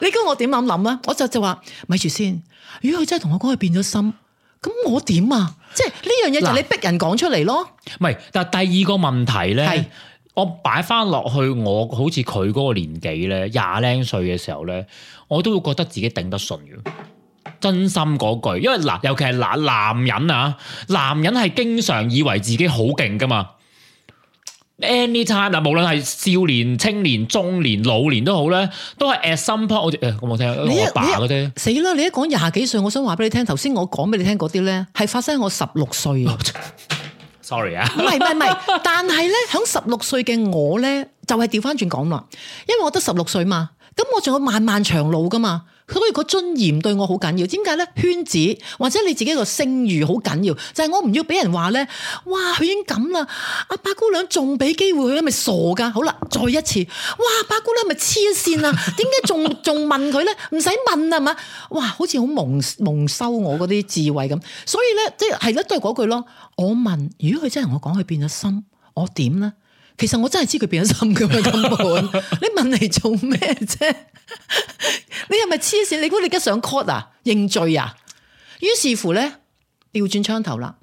你估我點諗諗啦？我就就話咪住先。如果佢真係同我講，佢變咗心，咁我點啊？即係呢樣嘢就你逼人講出嚟咯。唔係，但係第二個問題咧是，我擺翻落去我好似佢嗰個年紀咧，廿零歲嘅時候咧，我都會覺得自己頂得順嘅。真心嗰句，因為嗱，尤其係嗱男人啊，男人係經常以為自己好勁㗎嘛。Anytime 嗱，Any time, 無論係少年、青年、中年、老年都好咧，都係 as simple，好似誒，我冇聽我阿爸嗰啲、啊。死啦！你一講廿幾歲，我想話俾你聽，頭先我講俾你聽嗰啲咧，係發生喺我十六歲 S orry 啊，唔係唔係唔係， 但係咧，喺十六歲嘅我咧。就係調翻轉講啦，因為我得十六歲嘛，咁我仲有漫漫長路噶嘛，所以嗰尊嚴對我好緊要。點解咧？圈子或者你自己一個聲譽好緊要，就係、是、我唔要俾人話咧，哇，佢已經咁啦，阿八姑娘仲俾機會佢，咪傻噶？好啦，再一次，哇，八姑娘咪黐線啊？點解仲仲問佢咧？唔使問啊嘛，哇，好似好蒙蒙羞我嗰啲智慧咁。所以咧，即係咯，都係嗰句咯。我問，如果佢真係同我講佢變咗心，我點咧？其實我真係知佢變咗心嘅，根本你問嚟做咩啫？你係咪黐線？你估你而家想 call 啊？認罪啊？於是乎咧，調轉槍頭啦，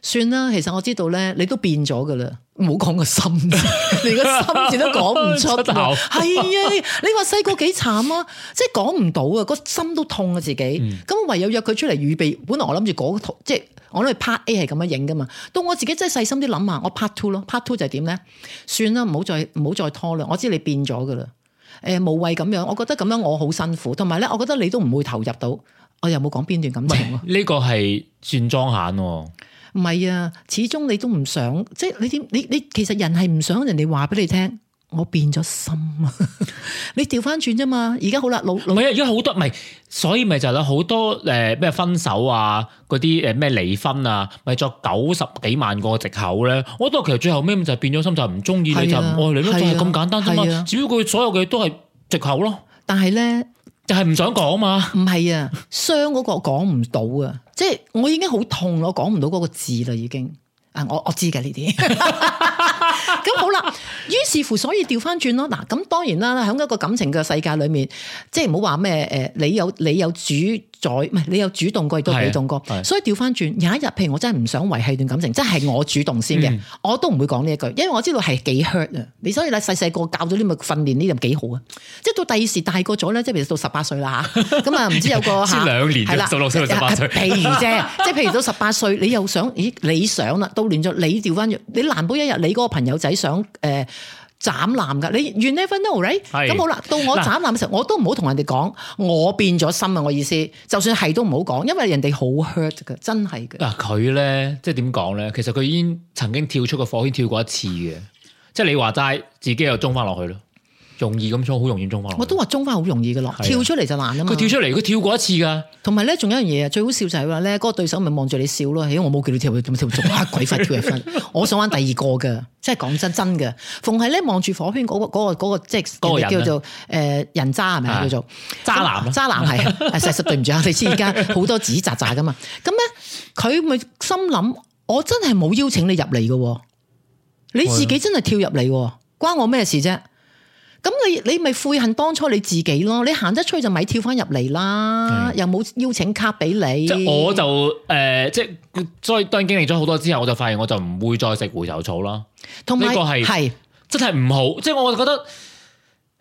算啦。其實我知道咧，你都變咗嘅啦，唔好講個心，你個心字都講唔出啊。係啊，你話細個幾慘啊？即係講唔到啊，那個心都痛啊自己。咁唯有約佢出嚟預備，本來我諗住嗰套即係。我諗 part A 係咁樣影噶嘛，到我自己真係細心啲諗下，我 part two 咯，part two 就係點咧？算啦，唔好再唔好再拖啦，我知你變咗噶啦，誒、呃、無謂咁樣，我覺得咁樣我好辛苦，同埋咧，我覺得你都唔會投入到，我又冇講邊段感情呢、這個係算裝下喎？唔係啊，始終你都唔想，即係你點你你其實人係唔想人哋話俾你聽。我變咗心 啊！你調翻轉啫嘛，而家好啦，老唔係，而家好多唔係，所以咪就有好多誒咩、呃、分手啊，嗰啲誒咩離婚啊，咪作九十幾萬個藉口咧。我覺得其實最後屘咁就變咗心，就唔中意你就唔、是、愛、哦、你咯，仲係咁簡單啫嘛。只要佢所有嘅都係藉口咯。但係咧就係唔想講嘛。唔係啊，傷嗰個講唔到啊，即、就、係、是、我已經好痛咯，我講唔到嗰個字啦，已經啊，我我知噶呢啲。 咁好啦，於 是乎，所以調返轉咯。嗱，咁當然啦，響一個感情嘅世界裏面，即係唔好話咩誒，你有你有主。再唔係你有主動過亦都被動過，是的 所以調翻轉，有一日，譬如我真係唔想維係段感情，即係我主動先嘅。嗯、我都唔會講呢一句，因為我知道係幾 hurt 呃，你所以咧，細細個教咗啲咪訓練呢又幾好啊，即係到第二時大個咗咧，即係譬如到十八歲啦嚇，咁啊唔知有個先 兩年啦，十六的歲到十八歲，譬 如啫，即係譬如到十八歲，你又想咦，你想啦，到亂咗你調翻，你難保一日你嗰個朋友仔想誒。呃.斬爛噶，你 you never know right？咁是好啦，到我斬爛嘅時候，我都唔好同人哋講我變咗心啊！我意思，就算係都唔好講，因為人哋好 hurt 噶，真係噶。嗱、啊，佢咧即係點講咧？其實佢已經曾經跳出個火圈跳過一次嘅，即係你話齋自己又中翻落去咯。容易咁好容易中翻。我都話中翻好容易噶咯，的跳出嚟就難啊嘛。佢跳出嚟，佢跳過一次噶。同埋咧，仲有一樣嘢啊，最好笑就係話咧，嗰、嗰個對手咪望住你笑咯。起、哎、我冇叫你跳，做乜跳？做鬼快跳起身？ 我想玩第二個嘅，即係講真真嘅。逢係咧望住火圈嗰個嗰個嗰個，即叫做誒人渣，係咪叫做渣男？渣男係啊，實實對唔住啊， 你知而家好多紙紮扎噶嘛。咁咧佢咪心諗，我真係冇邀請你入嚟噶，你自己真係跳入嚟， 關我咩事啫？咁你你咪悔恨當初你自己咯，你行得出去就咪跳翻入嚟啦，嗯、又冇邀請卡俾你。即係我就誒，即、呃、係、就是、所以當經歷咗好多之後，我就發現我就唔會再食回頭草啦。同埋呢有個係係是真係唔好，即係是我就覺得。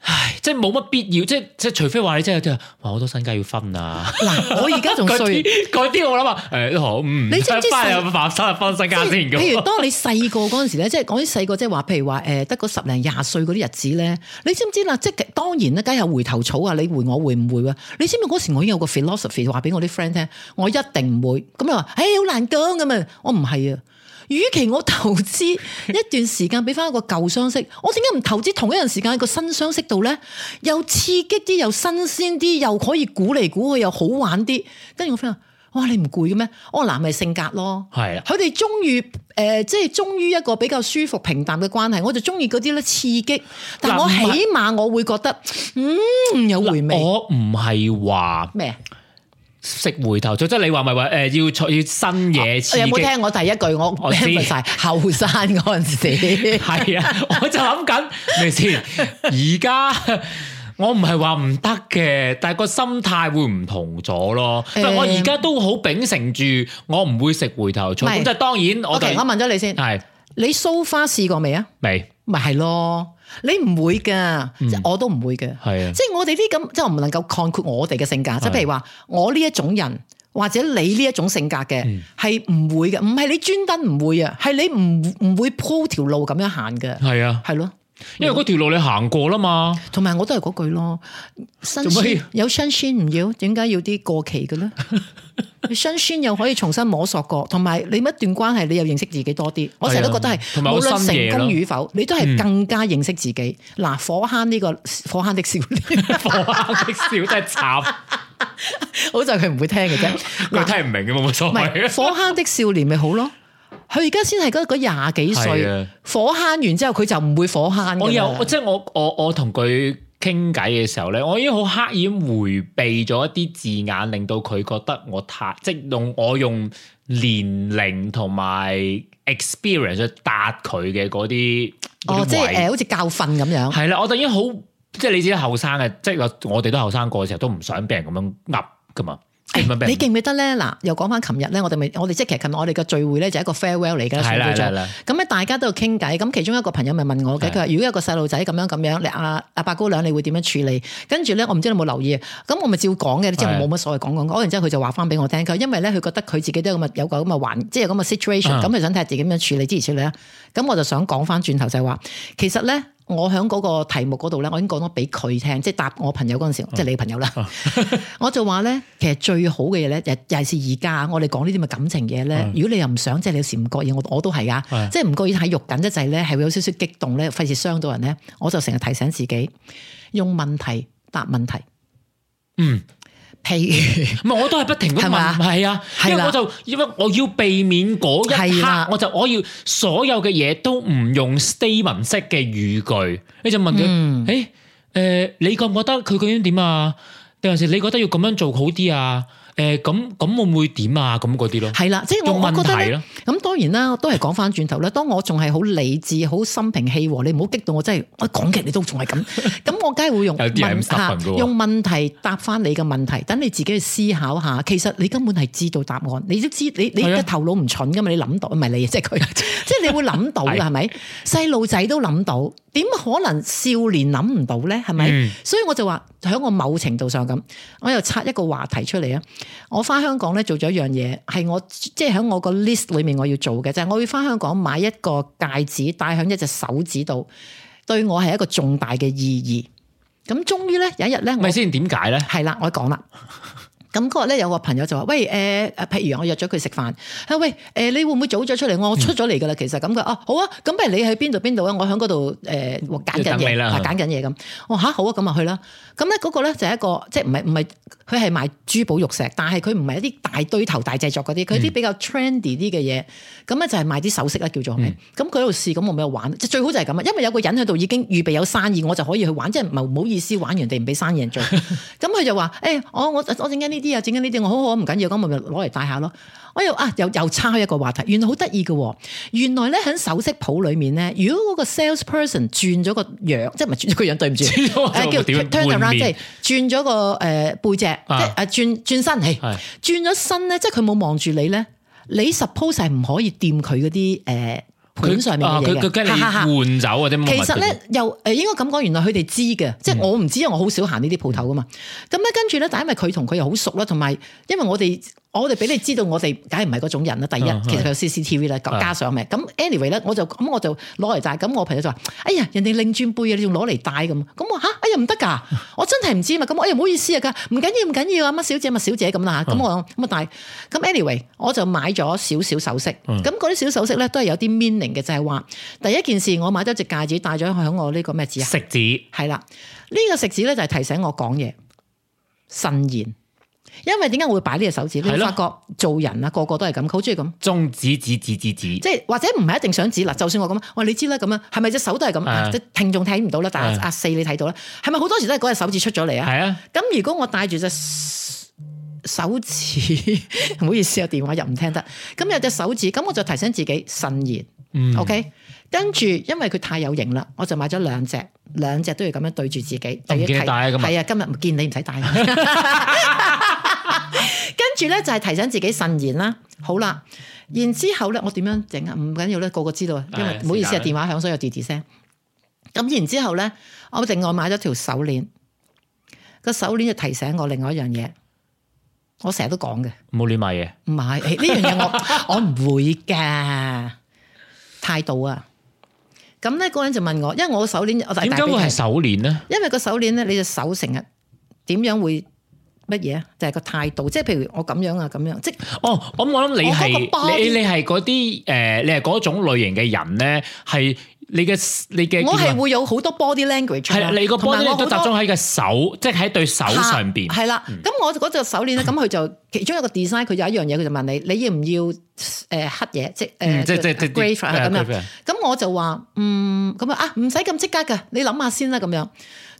唉，即係冇乜必要，即係即係除非話你真係即係話好多身家要分啊！嗱，我而家仲衰，嗰啲我諗啊，誒都好，你知唔知三廿八、三廿八身家先？譬如當你細個嗰陣時咧，即係講啲細個，即係話，譬如話誒，得嗰十零廿歲嗰啲日子咧，你知唔知啦？即係當然咧，梗係有回頭草啊！你回我回唔回啊？你知唔知嗰時我已經有個 philosophy 話俾我啲 friend 聽，我一定唔會。咁你話，誒、欸、好難講咁啊！我唔係啊。與其我投資一段時間俾翻一個舊相識，我點解唔投資同一陣時間一個新相識度咧？又刺激啲，又新鮮啲，又可以估嚟估去又好玩啲。跟住我 friend 話，哇，你唔攰嘅咩？我話男嘅性格咯，係啊是的，佢哋中意誒，即係忠於一個比較舒服平淡嘅關係，我就中意嗰啲咧刺激。但我起碼我會覺得，嗯，有回味。我唔係話咩？食回頭草，即係你話咪話誒，要出要，要新嘢。我、啊、有冇聽我第一句？我聽晒後生嗰陣時。係 啊，我就諗緊，明先？而家我唔係話唔得嘅，但係個心態會唔同咗咯。唔係，我而家都好秉承住，我唔會食回頭草。咁即係當然，我我問咗你先。係是你 so far 試過未啊？未。咪係咯，你唔會噶，嗯、即我都唔會嘅，嗯、即係我哋啲咁，即係我唔能夠概括我哋嘅性格。嗯、即係譬如話我呢一種人，或者你呢一種性格嘅，係唔、嗯、會嘅，唔係你專登唔會，會、嗯、啊，係你唔唔會鋪條路咁樣行嘅，係啊，係咯。因為嗰條路你行過啦嘛，同埋我都係嗰句咯，新鮮有新鮮唔要，點解要啲過期嘅咧？ 新鮮又可以重新摸索過，同埋你一段關係你又認識自己多啲。我成日都覺得係、哎、呀無論成功與否，你都係更加認識自己。嗱、嗯，火坑呢、這個火坑的少年，火坑的少真係慘，好在佢唔會聽嘅啫，佢聽唔明嘅冇乜所謂。火坑的少年咪好咯。佢而家先係嗰廿幾歲，的火坑完之後佢就唔會火坑我有，我即係我我我同佢傾偈嘅時候咧，我已經好刻意回避咗一啲字眼，令到佢覺得我太即係用我用年齡同埋 experience 去答佢嘅嗰啲。哦，即係誒，好似教訓咁樣。係啦，我當然好，即係你知後生嘅，即係我哋都後生，個時候都唔想俾人咁樣噏㗎嘛。哎嗯、你記唔記得咧？嗱，又講翻琴日咧，我哋咪我哋即係其實琴日我哋嘅聚會咧就一個 farewell 嚟噶啦，係啦係啦，咁咧大家都有傾偈，咁其中一個朋友咪問我嘅，佢話是的 如果有一個細路仔咁樣咁樣，你阿阿、啊啊、八姑娘你會點樣處理？跟住咧我唔知你有冇留意，咁我咪照講嘅，即係冇乜所謂講講講。是的 然之後佢就話翻俾我聽，佢因為咧佢覺得佢自己都有個有個咁嘅環，即係咁嘅 situation，咁咪想睇下自己點樣處理，點樣處理啊？咁我就想講翻轉頭就係話，其實咧。我喺嗰個題目嗰度咧，我已經講咗俾佢聽，即係答我朋友嗰陣時，啊、即係你朋友啦。啊、 我就話咧，其實最好嘅嘢咧，就係就係似而家，我哋講呢啲咪感情嘢咧。如果你又唔想，即係你有時唔覺意，我我都係啊，是的 即係唔覺意喺肉緊之際咧，係、就是、會有少少激動咧，費事傷到人咧。我就成日提醒自己，用問題答問題，嗯。譬如，唔係 我都係不停咁問，係啊吧，因為我就因為吧我，我要避免嗰一刻，吧我就我要所有嘅嘢都唔用 statement 式嘅語句，你就問佢，誒、嗯，誒、欸呃，你覺唔覺得佢究竟點啊？定係你覺得要咁樣做好啲啊？誒，咁咁會唔會點啊？咁嗰啲咯，係 啦樂，即係我覺得咁當然啦，都係講翻轉頭啦。當我仲係好理智、好心平氣和，你唔好激到我，我真係我講嘅你都仲係咁，咁我梗係會用問用問題答翻你嘅問題，等你自己去思考下。其實你根本係知道答案，你都知你你嘅頭腦唔蠢噶嘛，你諗到唔係你，即係佢，即係你會諗到嘅係咪？細路仔都諗到。點可能少年諗唔到咧？係咪？嗯、所以我就話喺我某程度上咁，我又插一個話題出嚟啊！我翻香港咧做咗一樣嘢，係我即係喺我個 list 裏面我要做嘅，就係、是、我要翻香港買一個戒指，戴喺一隻手指度，對我係一個重大嘅意義。咁終於咧有一日咧，咪先點解咧？係啦，我講啦。 咁日咧有個朋友就話：喂誒誒、呃，譬如我約咗佢食飯，喂誒、呃，你會唔會早咗出嚟？我出咗嚟㗎啦。其實咁佢：啊「哦，好啊，咁不如你去邊度邊度啊？我喺嗰度誒揀緊嘢，揀緊嘢咁。我吓，好啊，咁啊去啦。咁咧嗰個咧就係一個即係唔係唔係佢係賣珠寶玉石，但係佢唔係一啲大堆頭大製作嗰啲，佢啲比較 trendy 啲嘅嘢。咁、嗯、咧、嗯、就係賣啲首飾啦，叫做咩？咁佢喺度試，咁我咪去玩。即最好就係咁啊，因為有個人喺度已經預備有生意，我就可以去玩。即係唔唔好意思，玩完人哋唔俾生意人做。咁佢就話：誒、欸，我我我陣間呢啲。」啊！整緊呢啲，我好好唔緊要，我咪咪攞嚟帶下咯。我又啊又又差一個話題，原來好得意嘅。原來咧喺首飾鋪裏面咧，如果嗰個 salesperson 轉咗個樣，即係唔係轉個樣，對唔住，誒、啊、叫 turn around，面即係轉咗個誒、呃、背脊，即係啊轉轉身係，轉咗身咧，即係佢冇望住你咧，你 suppose 係唔可以掂佢嗰啲誒。呃佢上面嘢嘅，佢梗係，換走啊，者乜？其實咧，又誒、呃、應該咁講，原來佢哋知嘅，即係我唔知，因為我好少行呢啲鋪頭噶嘛。咁咧跟住咧，但係因為佢同佢又好熟啦，同埋因為我哋。嗯嗯我哋俾你知道，我哋梗係唔係嗰種人啦。第一，其實佢有 CCTV 啦，加上咩咁？anyway 咧，我就咁我就攞嚟戴。咁我朋友就話：哎呀，人哋擰轉背啊，你仲攞嚟戴咁？咁我吓、啊，哎呀唔得噶，我真係唔知嘛。咁哎呀唔好意思啊，噶唔緊要唔緊要啊，乜小姐乜小姐咁啦，咁我咁啊戴。咁 anyway，我就買咗少少首飾。咁嗰啲小首飾咧，都係有啲 meaning 嘅，就係、是、話第一件事，我買咗隻戒指戴咗響我呢個咩字啊？食指係啦，呢、這個食指咧就係提醒我講嘢慎言。因為點解我會擺呢隻手指？你發覺做人啊，個個都係咁，好中意咁。中指、指指、指指，即係或者唔係一定想指嗱。就算我咁，喂你知啦咁樣，係咪隻手都係咁？啲聽眾睇唔到啦，但阿阿四你睇到啦，係咪好多時都係嗰隻手指出咗嚟啊？係啊。咁如果我戴住隻手指，唔好意思，啊，電話又唔聽得。咁有隻手指，咁我就提醒自己慎言。OK，跟住因為佢太有型啦，我就買咗兩隻，兩隻都要咁樣對住自己。唔記得戴啊，今日唔見你唔使戴住咧就係提醒自己慎言啦，好啦，然之後咧我點樣整啊？唔緊要啦，個個知道啊。因為唔好意思啊，電話響，所以有嘀嘀聲。咁然之後咧，我另外買咗條手鏈，個手鏈就提醒我另外一樣嘢。我成日都講嘅，冇亂買嘢。唔係呢樣嘢，我我唔會噶態度啊。咁咧個人就問我，因為我個手鏈點解會係手鏈咧？因為個手鏈咧，你隻手成日點樣會？乜嘢啊？就係個態度，即係譬如我咁樣啊，咁樣即係哦。咁我諗你係你你係嗰啲誒，你係嗰種類型嘅人咧，係你嘅你嘅。我係會有好多 body language。係啊，你個 body 都集中喺個手，即係喺對手上邊。係啦，咁我嗰隻手鏈咧，咁佢就其中一個 design，佢有一樣嘢，佢就問你，你要唔要誒黑嘢？即係誒，即係即係 grey fur 係咁樣。咁我就話嗯，咁啊啊，唔使咁即刻㗎，你諗下先啦，咁樣。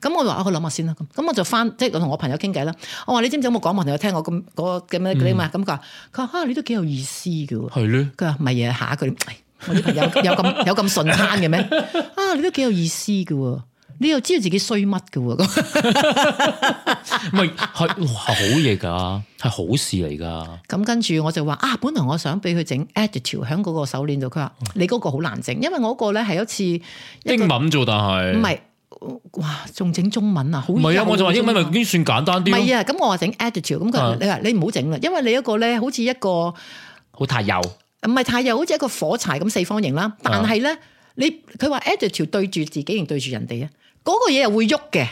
咁、嗯、我話啊，佢諗下先啦。咁、嗯，咁我就翻即係我同我朋友傾偈啦。我話你知唔知有冇講朋友聽我咁嗰嘅咩嘅咁？佢話佢話嚇，你都幾有意思㗎喎。係咧。佢話唔嘢，下一個我啲朋友有咁有咁順攤嘅咩？啊，你都幾有意思㗎喎的、啊啊。你又知道自己衰乜㗎喎？唔、嗯、係、 嗯、好嘢㗎，係好事嚟㗎。咁、嗯、跟住我就話啊，本來我想俾佢整 editial 喺嗰個手鏈度。佢話你嗰個好難整，因為我嗰個咧係一次一英文做，但係唔係。哇，仲整中文啊，好唔係啊，我就話英文咪已經算簡單啲。唔係啊，咁我話整 editor，咁佢你話你唔好整啦，因為你一個咧，好似一個好太幼，唔係太幼，好似一個火柴咁四方形啦。但係咧，的你佢話 editor 對住自己定對住人哋啊，嗰個嘢又會喐嘅。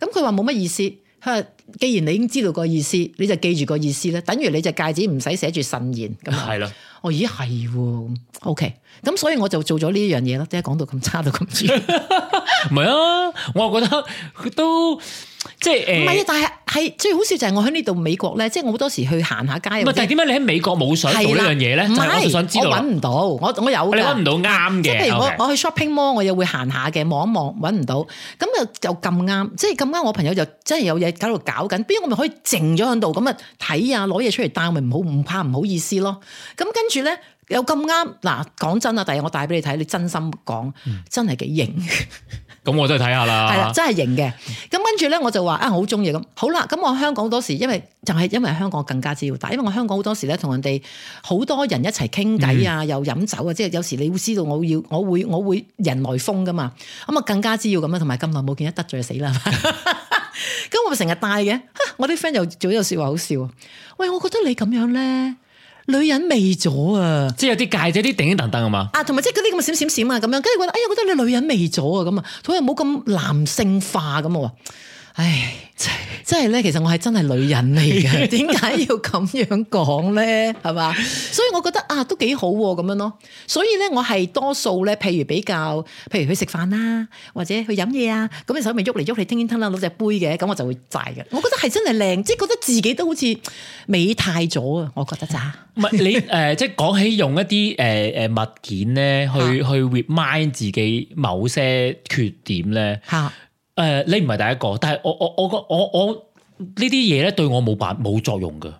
咁佢話冇乜意思，佢。既然你已經知道個意思，你就記住個意思咧，等於你隻戒指唔使寫住誓言咁。係咯，是的 哦咦係喎，O K，咁所以我就做咗呢一樣嘢咯。即係講到咁差到咁，唔係 啊？我又覺得都即係欸，唔係啊！但係係最好笑就係我喺呢度美國咧，即係我好多時去行下街。但係點解你喺美國冇想做呢樣嘢咧？唔係，我想知道我有我，我搵唔到，我我有，你搵唔到啱嘅。譬如我 OK 我去 shopping mall，我又會行下嘅，望一望搵唔到。咁啊又咁啱，即係咁啱。我朋友就真係有嘢喺度搞。走緊，邊我咪可以靜咗喺度咁啊？睇啊，攞嘢出嚟帶，咪唔好唔怕唔好意思咯。咁跟住咧有咁啱嗱，講真啊，第日我帶俾你睇，你真心講，嗯、真係幾型。咁我真係睇下啦。係啦， 嗯，真係型嘅。咁，嗯、跟住咧，我就話啊，好中意咁。嗯，好啦，咁我香港多時，因為就係、是、因為香港更加之要，但因為我香港好多時咧，同人哋好多人一齊傾偈啊，嗯、又飲酒啊，即係有時你會知道我要我會我會，我會人來瘋噶嘛。咁啊，更加之要咁樣，同埋咁耐冇見，得得罪就死啦。 咁 我咪成日戴嘅，我啲 friend 又早有說話好笑，啊。喂，我覺得你咁樣咧，女人未咗啊！即係有啲戒指啲叮叮噹噹啊嘛，頂頂頂頂啊，同埋即係嗰啲咁嘅閃閃閃啊咁樣，跟住我話，哎呀，我覺得你女人未咗啊咁啊，好又冇咁男性化咁啊。唉，真係咧，其實我係真係女人嚟嘅，點解 要咁樣講咧？係嘛，所以我覺得啊，都幾好咁、啊、樣咯。所以咧，我係多數咧，譬如比較，譬如去食飯啦，或者去飲嘢啊，咁你手咪喐嚟喐嚟，叮叮騰攞隻杯嘅，咁我就會窒嘅。我覺得係真係靚，即係覺得自己都好似美態咗啊！我覺得咋？唔係你誒、呃，即係講起用一啲誒誒物件咧，去、啊、去 remind 自己某些缺點咧。啊誒，你唔係第一個，但係我我我覺我我呢啲嘢咧對我冇辦冇作用噶。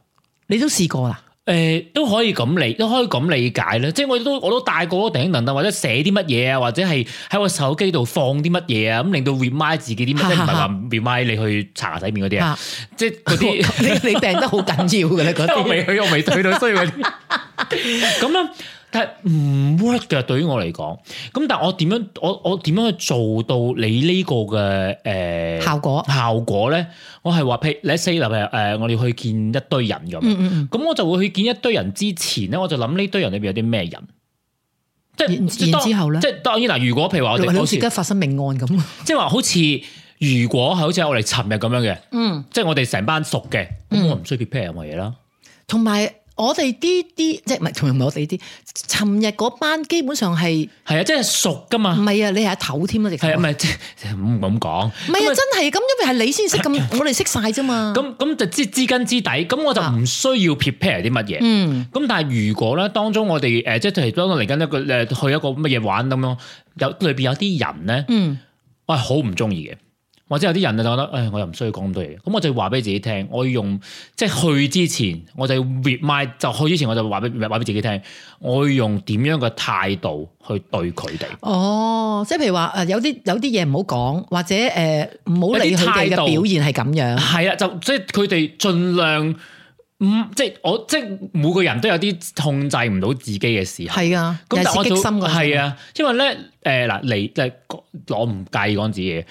你都試過啦？誒，都可以咁理，都可以咁理解咧。即係我都我都大個都叮叮當當，或者寫啲乜嘢啊，或者係喺我手機度放啲乜嘢啊，咁令到 remind 自己啲，即係唔係話 remind 你去搽洗面嗰啲啊？即係嗰啲你你病得好緊要嘅咧，嗰啲我未去，我未去到需要咁啦。但係唔 work 嘅，對於我嚟講。咁，但係我點樣，我我點樣去做到你呢個嘅誒、呃、效果效果咧？我係話，譬如 let’s say 嗱、呃，誒，我哋去見一堆人咁。嗯咁、嗯嗯、我就會去見一堆人之前咧，我就諗呢堆人裏邊有啲咩人。即係然之後咧，即係當然啦。如果譬如話我哋後好似而家發生命案咁，即係話好似如果係好似我哋尋日咁樣嘅。嗯。即係我哋成班熟嘅，嗯、我唔需要 prepare 任何嘢啦。同埋。我哋啲啲即係唔係，同樣唔係我哋啲。尋日嗰班基本上係係啊，即係熟噶嘛。唔係啊，你係阿頭添咯，直頭。係啊，唔係即係唔咁講。唔係啊，就真係咁，因為係你先識咁， 我哋識晒啫嘛。咁咁就知知根知底，咁我就唔需要 prepare 啲乜嘢。嗯、啊。咁但係如果咧，當中我哋誒、呃、即係當我嚟緊一個誒去一個乜嘢玩咁咯，裡面有裏邊有啲人咧，嗯，我係好唔中意嘅。或者有啲人就覺得，唉，我又唔需要講咁多嘢，咁我就要話俾自己聽，我要用即係去之前，我就要 r e 就去之前，我就話俾話俾自己聽，我要用點樣嘅態度去對佢哋。哦，即係譬如話，誒有啲有啲嘢唔好講，或者誒唔好理。太嘅表現係咁樣。係啊，就即係佢哋盡量唔、嗯、即係我即係每個人都有啲控制唔到自己嘅、啊、時候。係啊，咁但係激心嘅。係啊，因為咧誒嗱，你、呃、即係我唔介意講啲嘢。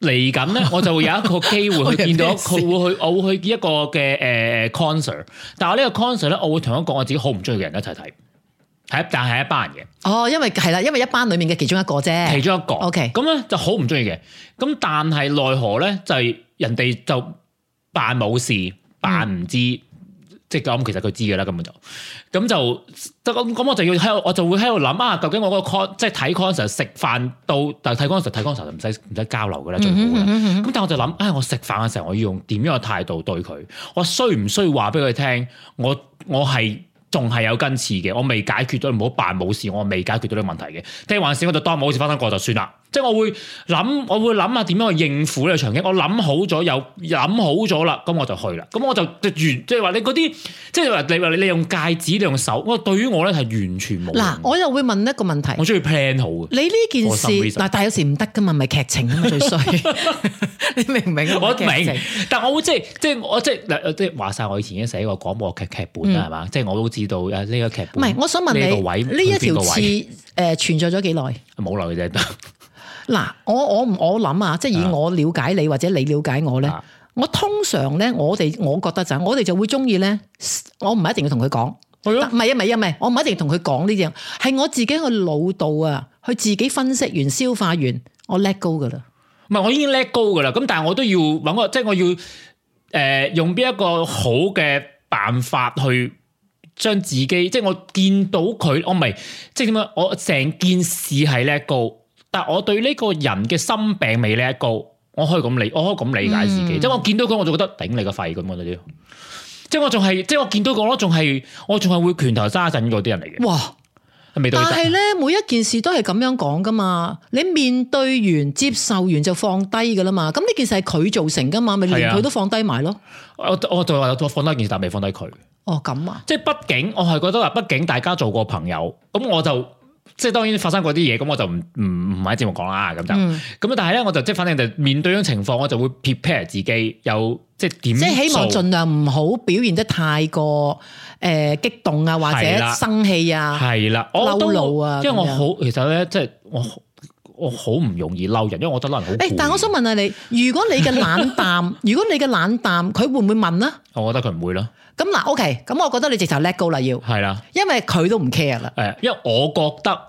嚟緊咧，我就會有一個機會去見到佢會去，我會去見一個嘅誒、呃、concert。但係我呢個 concert 咧，我會同一個我自己好唔中意嘅人一齊睇，係，但係一班人嘅。哦，因為係啦，因為一班裡面嘅其中一個啫，其中一個。OK，咁咧就好唔中意嘅。咁但係奈何咧，就係、是、人哋就扮冇事，扮唔知。嗯即係咁，其實佢知嘅啦，根本就咁就，即係咁，咁我就要喺，我就會喺度諗啊，究竟我個 con，即係睇 con 時食飯到，但係睇 con 時睇 con 時就唔使唔使交流嘅啦，最好嘅。咁、嗯、但係我就諗，唉、哎，我食飯嘅時候我要用點樣嘅態度對佢？我需唔需要話俾佢聽？我我係仲係有根刺嘅，我未解決到，唔好扮冇事，我未解決到呢個問題嘅。聽還是我就當冇事發生過就算啦。即係我會諗，我會諗下點樣去應付呢個場景。我諗好咗，又諗好咗啦，咁我就去啦。咁我就完，即係話你嗰啲，即係話你話你用戒指，你用手。我對於我咧係完全冇。嗱，我又會問一個問題。我中意 plan 好你呢件事嗱，但係有時唔得噶嘛，咪劇情最衰。 你明唔明？我明。但我會即係即係我即係即係話晒，我以前已經寫過廣播劇劇本啦，係嘛、嗯？即係我都知道啊，呢個劇。唔係，我想問你個位呢一條線誒、呃、存在咗幾耐？冇耐嘅啫。嗱，我我我諗啊，即係以我了解你或者你了解我咧，啊、我通常咧，我哋我覺得就係，我哋就會中意咧，我唔一定要同佢講，係咯，唔係啊，唔係啊，唔係，我唔一定同佢講呢樣，係我自己個腦度啊，去自己分析完消化完，我 let go 噶啦，唔係我已經 let go 噶啦，咁但係我都要揾個，即係我要誒、呃、用邊一個好嘅辦法去將自己，即係我見到佢，我唔係，即係點樣，我成件事係 let go。但我對呢個人嘅心病未呢一個，我可以咁理，我可以咁理解自己。嗯、即係我見到佢，我就覺得頂你個肺咁嗰啲。即係我仲係，即係我見到個咯，仲係我仲係會拳頭揸緊嗰啲人嚟嘅。哇！未對。但係咧，每一件事都係咁樣講噶嘛。你面對完、接受完就放低噶啦嘛。咁呢件事係佢造成噶嘛，咪連佢都放低埋咯。我我就話我放低件事，但未放低佢。哦咁啊！即係畢竟我係覺得話，畢竟大家做過朋友，咁我就。即係當然發生過啲嘢，咁我就唔唔唔喺節目講啦，咁就咁但係咧，我就即係反正就面對嗰種情況，我就會 prepare 自己有、即係、樣即係點。即係希望盡量唔好表現得太過誒、呃、激動啊，或者生氣啊，係啦，嬲怒啊。因為我好，其實咧，即係我。我好唔容易嬲人，因為我覺得人好。誒，但係我想問下你，如果你嘅冷淡， 如果你嘅冷淡，佢會唔會問咧？我覺得佢唔會啦。咁嗱，OK，咁我覺得你直頭 let go 啦，要係啦，的因為佢都唔 care 啦。誒，因為我覺得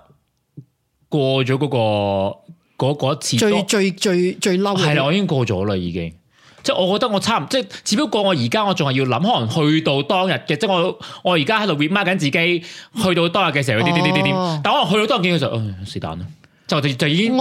過咗嗰、嗰個嗰嗰、嗰個、次，最最最最嬲係啦，我已經過咗啦，已經。即係我覺得我差唔多，即係只不過我而家我仲係要諗，可能去到當日嘅，即係我我而家喺度 remark 緊自己，去到當日嘅時候，啲點點點點，但係我去到當日見嘅時候，誒，是但啦。就我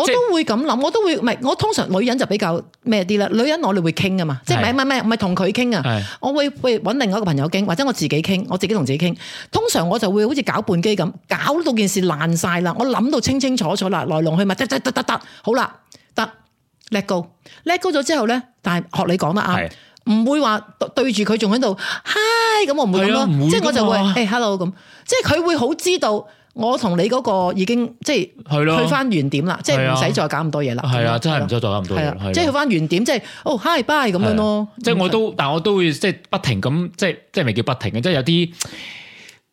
都會咁諗，即我都會，唔係我通常女人就比較咩啲啦。女人我哋會傾啊嘛，是的 即係唔係唔係唔係同佢傾啊，是的 我會會揾另外一個朋友傾，或者我自己傾，我自己同自己傾。通常我就會好似攪拌機咁，搞到件事爛晒啦，我諗到清清楚楚啦，來龍去脈，得得得得得，好啦，得叻高叻高咗之後咧，但係學你講得啱，唔是的 會話對住佢仲喺度嗨咁，我唔會咁咯，即係我就會、hey, hello 咁，即係佢會好知道。我同你嗰個已經即係去翻原點啦，即係唔使再搞咁多嘢啦。係啊，真係唔使再搞咁多嘢。係即係去翻原點，即係哦，hi bye 咁樣咯。即係我都，但我都會即係不停咁，即係即係未叫不停嘅，即係有啲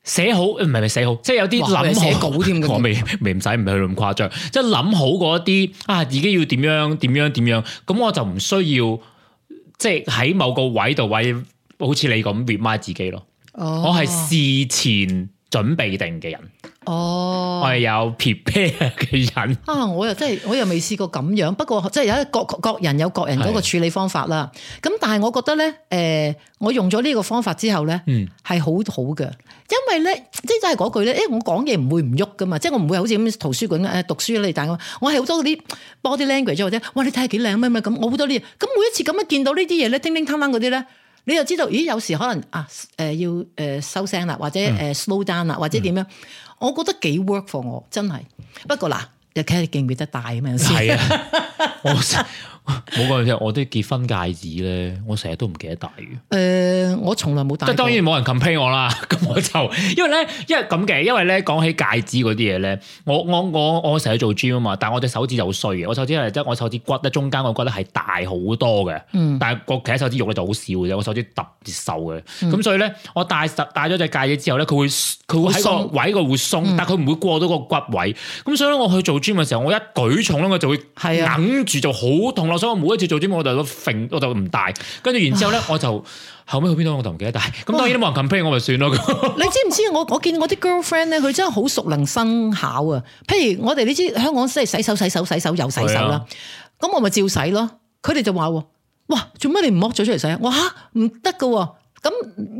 寫好，唔係咪係寫好，即係有啲諗好稿添我未未唔使唔係去咁誇張，即係諗好嗰一啲啊，自己要點樣點樣點樣，咁我就唔需要即係喺某個位度位，好似你咁 remind 自己咯。我係事前。準備定嘅人，我係有撇撇嘅人啊！我又真係，我又未試過咁樣。不過即係有各各人有各人嗰個處理方法啦。咁但係我覺得咧，誒，我用咗呢個方法之後咧，係好好嘅。因為咧，即係都係嗰句咧，誒，我講嘢唔會唔喐噶嘛。即係我唔會好似咁圖書館誒讀書咧，但我我係好多嗰啲 body language 或者，哇！你睇下幾靚咩咩咁。我好多啲，咁每一次咁樣見到呢啲嘢咧，叮叮噹噹嗰啲咧。你又知道，咦？有時可能啊，誒、呃、要誒、呃、收聲啦，或者誒、呃、slow down 啦，或者點樣？嗯、我覺得幾 work for 我，真係。不過嗱，日睇你記唔記得大啊嘛。係啊，我。冇講住先，我啲結婚戒指咧，我成日都唔記得戴嘅。誒、呃，我從來冇戴。當然冇人 complain 我啦。咁我就因為咧，因為咁嘅，因為咧講起戒指嗰啲嘢咧，我我我我成日做 gym 啊嘛，但我隻手指就好衰嘅。我手指嚟即、就係、我手指骨咧中間、嗯、我覺得係大好多嘅，但係個其他手指肉咧就好少嘅啫。我手指特別瘦嘅，咁、嗯、所以咧我戴戴咗隻戒指之後咧，佢會佢會喺個位個會鬆，嗯、但佢唔會過到個骨位。咁所以我去做 gym 嘅時候，我一舉重咧我就會擰住就好痛。嗯所以我每一次做啲我就甩，我就唔戴。跟住然之後咧，我就後尾去邊度，我就唔記得。但係咁當然都冇人 complain，我咪算咯。你知唔知？我我見我啲 girlfriend 咧，佢真係好熟能生巧啊。譬如我哋呢啲香港即係洗手、洗手、洗手又洗手啦。咁我咪照洗咯。佢哋就話，哇，做咩你唔剝咗出嚟洗？我吓唔得噶。咁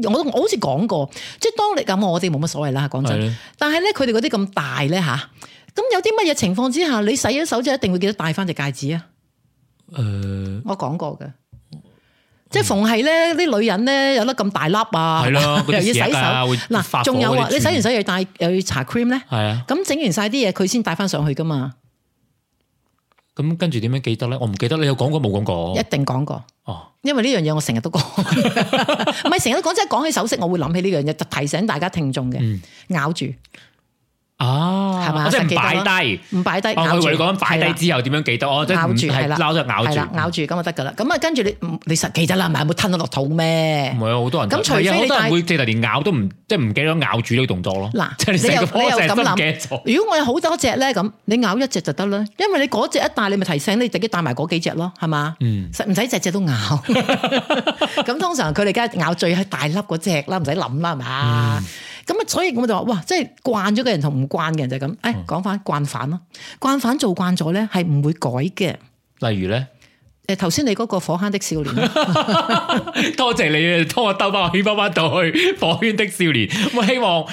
我都我好似講過，即係當你咁，我哋冇乜所謂啦。講真，但係咧，佢哋嗰啲咁大咧吓，咁有啲乜嘢情況之下，你洗咗手就一定會記得戴翻隻戒指啊？誒，我講過嘅，即係逢係咧，啲女人咧有得咁大粒啊，又要洗手，嗱，仲有啊，你洗完手又要帶又要搽 cream 咧，係啊，咁整完晒啲嘢，佢先帶翻上去噶嘛。咁跟住點樣記得咧？我唔記得，你有講過冇講過？一定講過，哦，因為呢樣嘢我成日都講，唔係成日都講，即係講起首飾，我會諗起呢樣嘢，就提醒大家聽眾嘅，咬住。哦，係嘛？即係擺低，唔擺低。哦，佢話你講擺低之後點樣記得？哦，即係唔係咬住，係啦，咬住，咬住咁就得噶啦。咁啊，跟住你唔你實際就拉埋，冇吞咗落肚咩？唔係啊，好多人咁，除非你但係會即係連咬都唔即係唔記得咬住呢個動作咯。嗱，你又你又咁諗？如果我有好多隻咧咁，你咬一隻就得啦，因為你嗰隻一帶，你咪提醒你自己帶埋嗰幾隻咯，係嘛？嗯，實唔使隻只都咬。咁通常佢哋梗係咬最大粒嗰隻啦，唔使諗啦，係嘛？咁啊，所以我咪就話，哇，即係慣咗嘅人同唔慣嘅人就係咁。誒，講翻慣犯咯，慣犯做慣咗咧，係唔會改嘅。例如咧，誒、呃，頭先你嗰個火坑的少年，多謝你拖我兜翻我圈翻翻到去火圈的少年。我希望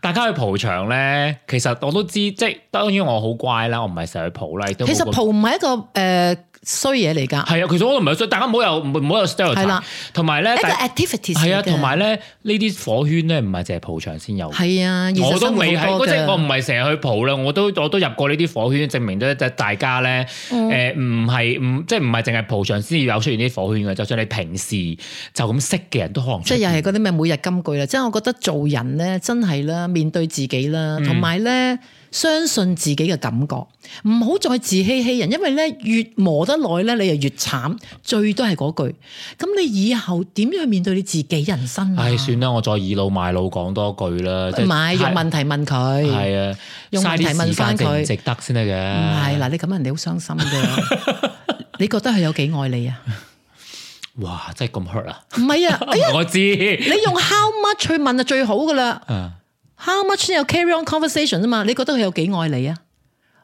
大家去蒲場咧，其實我都知，即係當然我好乖啦，我唔係成日去蒲啦。其實蒲唔係一個誒。呃衰嘢嚟噶，係啊，其實我都唔係衰，大家唔好有唔，唔好有 stereotype。係啦的，同埋咧，一個 activity 先嘅，係啊的，同埋咧，呢啲火圈咧唔係淨係蒲場先有，係啊，我都未係，即我唔係成日去蒲啦，我都我都入過呢啲火圈，證明咗即係大家咧，誒唔係唔即係唔係淨係蒲場先有出現啲火圈嘅，就算你平時就咁識嘅人都可能。即係又係嗰啲咩每日金句啦，即係我覺得做人咧真係啦，面對自己啦，同埋咧。嗯相信自己嘅感覺，唔好再自欺欺人，因為咧越磨得耐咧，你又越慘，最多係嗰句。咁你以後點樣去面對你自己人生啊？係、哎、算啦，我再倚老賣老講多句啦。唔係是太用問題問佢，係啊，用問題問翻佢值得先得嘅。唔係嗱，你咁人哋好傷心嘅， 你覺得佢有幾愛你啊？ 哇，真係咁 hurt 啊！唔係啊，哎、呀 我知道笑你用 how much 去問就最好噶啦。 How much 你有 carry on conversation 啊嘛？你覺得佢有幾愛你啊？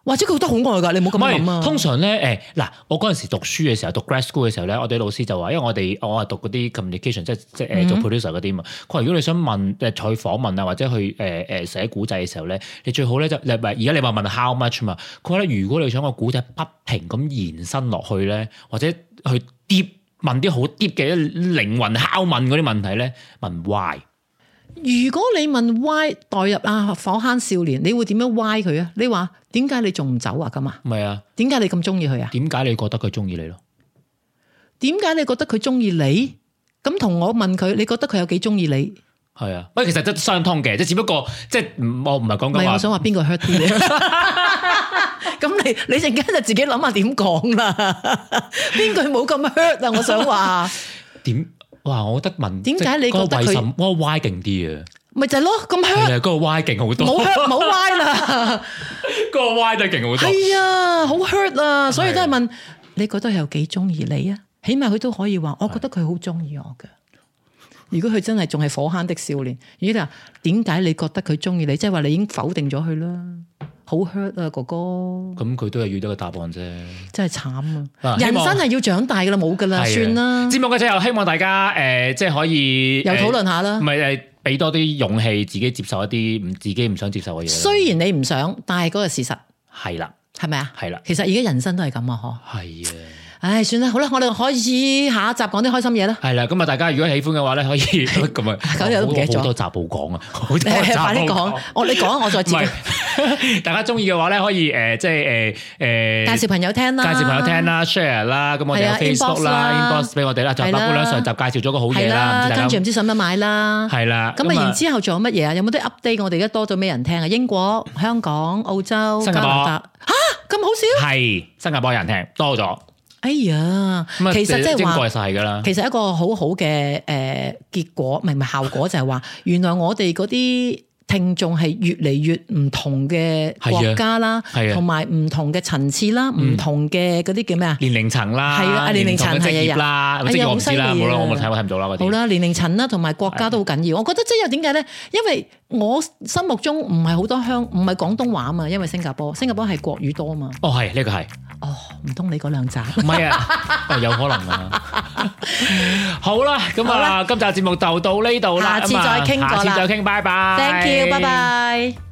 或者佢覺得好愛㗎？你冇咁諗啊！通常咧，誒、欸、嗱，我嗰陣時讀書嘅時候，讀 grad school 嘅時候咧，我哋老師就話，因為我哋我係讀嗰啲 communication，即係即係誒做 producer 嗰啲啊嘛。佢話如果你想問，誒去訪問啊，或者去誒誒、呃、寫古仔嘅時候咧，你最好咧就唔係而家你話問 how much 嘛？佢話咧，如果你想個古仔不停咁延伸落去咧，或者去 deep 問啲好 deep 嘅靈魂拷問嗰啲問題咧，問 why。如果你問 Why 代入啊火坑少年，你會點樣 Why 佢啊？你話點解你仲唔走啊？咁啊？唔係啊？點解你咁中意佢啊？點解你覺得佢中意你咯。點解你覺得佢中意你？咁同我問佢，你覺得佢有幾中意你？係啊，喂，其實都相通嘅，即係只不過即係我唔係講緊。唔係，我想話邊個 hurt 啲啊？咁你你陣間就自己諗下點講啦。邊句冇咁 hurt 啊？我想話點？話我覺得問點解你覺得佢個 Y 勁啲啊？咪就係咯，咁香。佢係嗰個 Y 勁好多。唔好唔好 Y 啦，個 Y 都勁好多。係啊，好 hurt 啊，所以都係問你覺得有幾中意你啊？起碼佢都可以話，我覺得佢好中意我噶。如果佢真係仲係火坑的少年，咦？你話點解你覺得佢中意你？即係話你已經否定咗佢啦。好 hurt 啊，哥哥！咁佢都係遇到個答案啫，真係慘啊！啊人生係要長大噶啦，冇噶啦，的算啦了。節目嘅最後，希望大家誒、呃，即係可以又討論下啦。唔係誒，俾多啲勇氣，自己接受一啲唔自己唔想接受嘅嘢。雖然你唔想，但係嗰個事實係啦，係咪啊？係啦的，其實而家人生都係咁啊！嗬，係啊。唉，算啦，好啦，我哋可以下一集講啲開心嘢啦。係啦，咁啊，大家如果喜歡嘅話咧，可以咁啊，好多集冇講啊，好多集冇講，我你講，我再接。大家中意嘅話咧，可以誒，即係誒誒，介紹朋友聽啦，介紹朋友聽啦，share 啦，咁我哋有 Facebook 啦，Inbox 俾我哋啦，就包括上集介紹咗個好嘢啦，跟住唔知想唔想買啦，係啦。咁啊，然之後仲有乜嘢啊？有冇得 update？我哋而家多咗咩人聽啊？英國、香港、澳洲、新加坡，吓，咁好少，係新加坡有人聽，多咗。哎呀，其實即係話，其實一個好好嘅誒結果，唔係唔係效果，就係話，原來我哋嗰啲聽眾係越嚟越唔同嘅國家啦，同埋唔同嘅層次啦，唔、嗯、同嘅嗰啲叫咩啊？年齡層啦，係啊，年齡層係啊，係啊，好犀利。好啦，年齡層啦，同埋國家都好緊要。的我覺得即係點解咧？因為。我心目中唔係好多香，唔係廣東話嘛，因為新加坡，新加坡係國語多嘛。哦，係呢、這個係。哦，唔通你嗰兩集？唔係啊，有可能啊。 好啦，咁、嗯、啊，啦今集節目就到呢度啦，下次再傾，下次再傾，拜拜。Thank you，拜拜。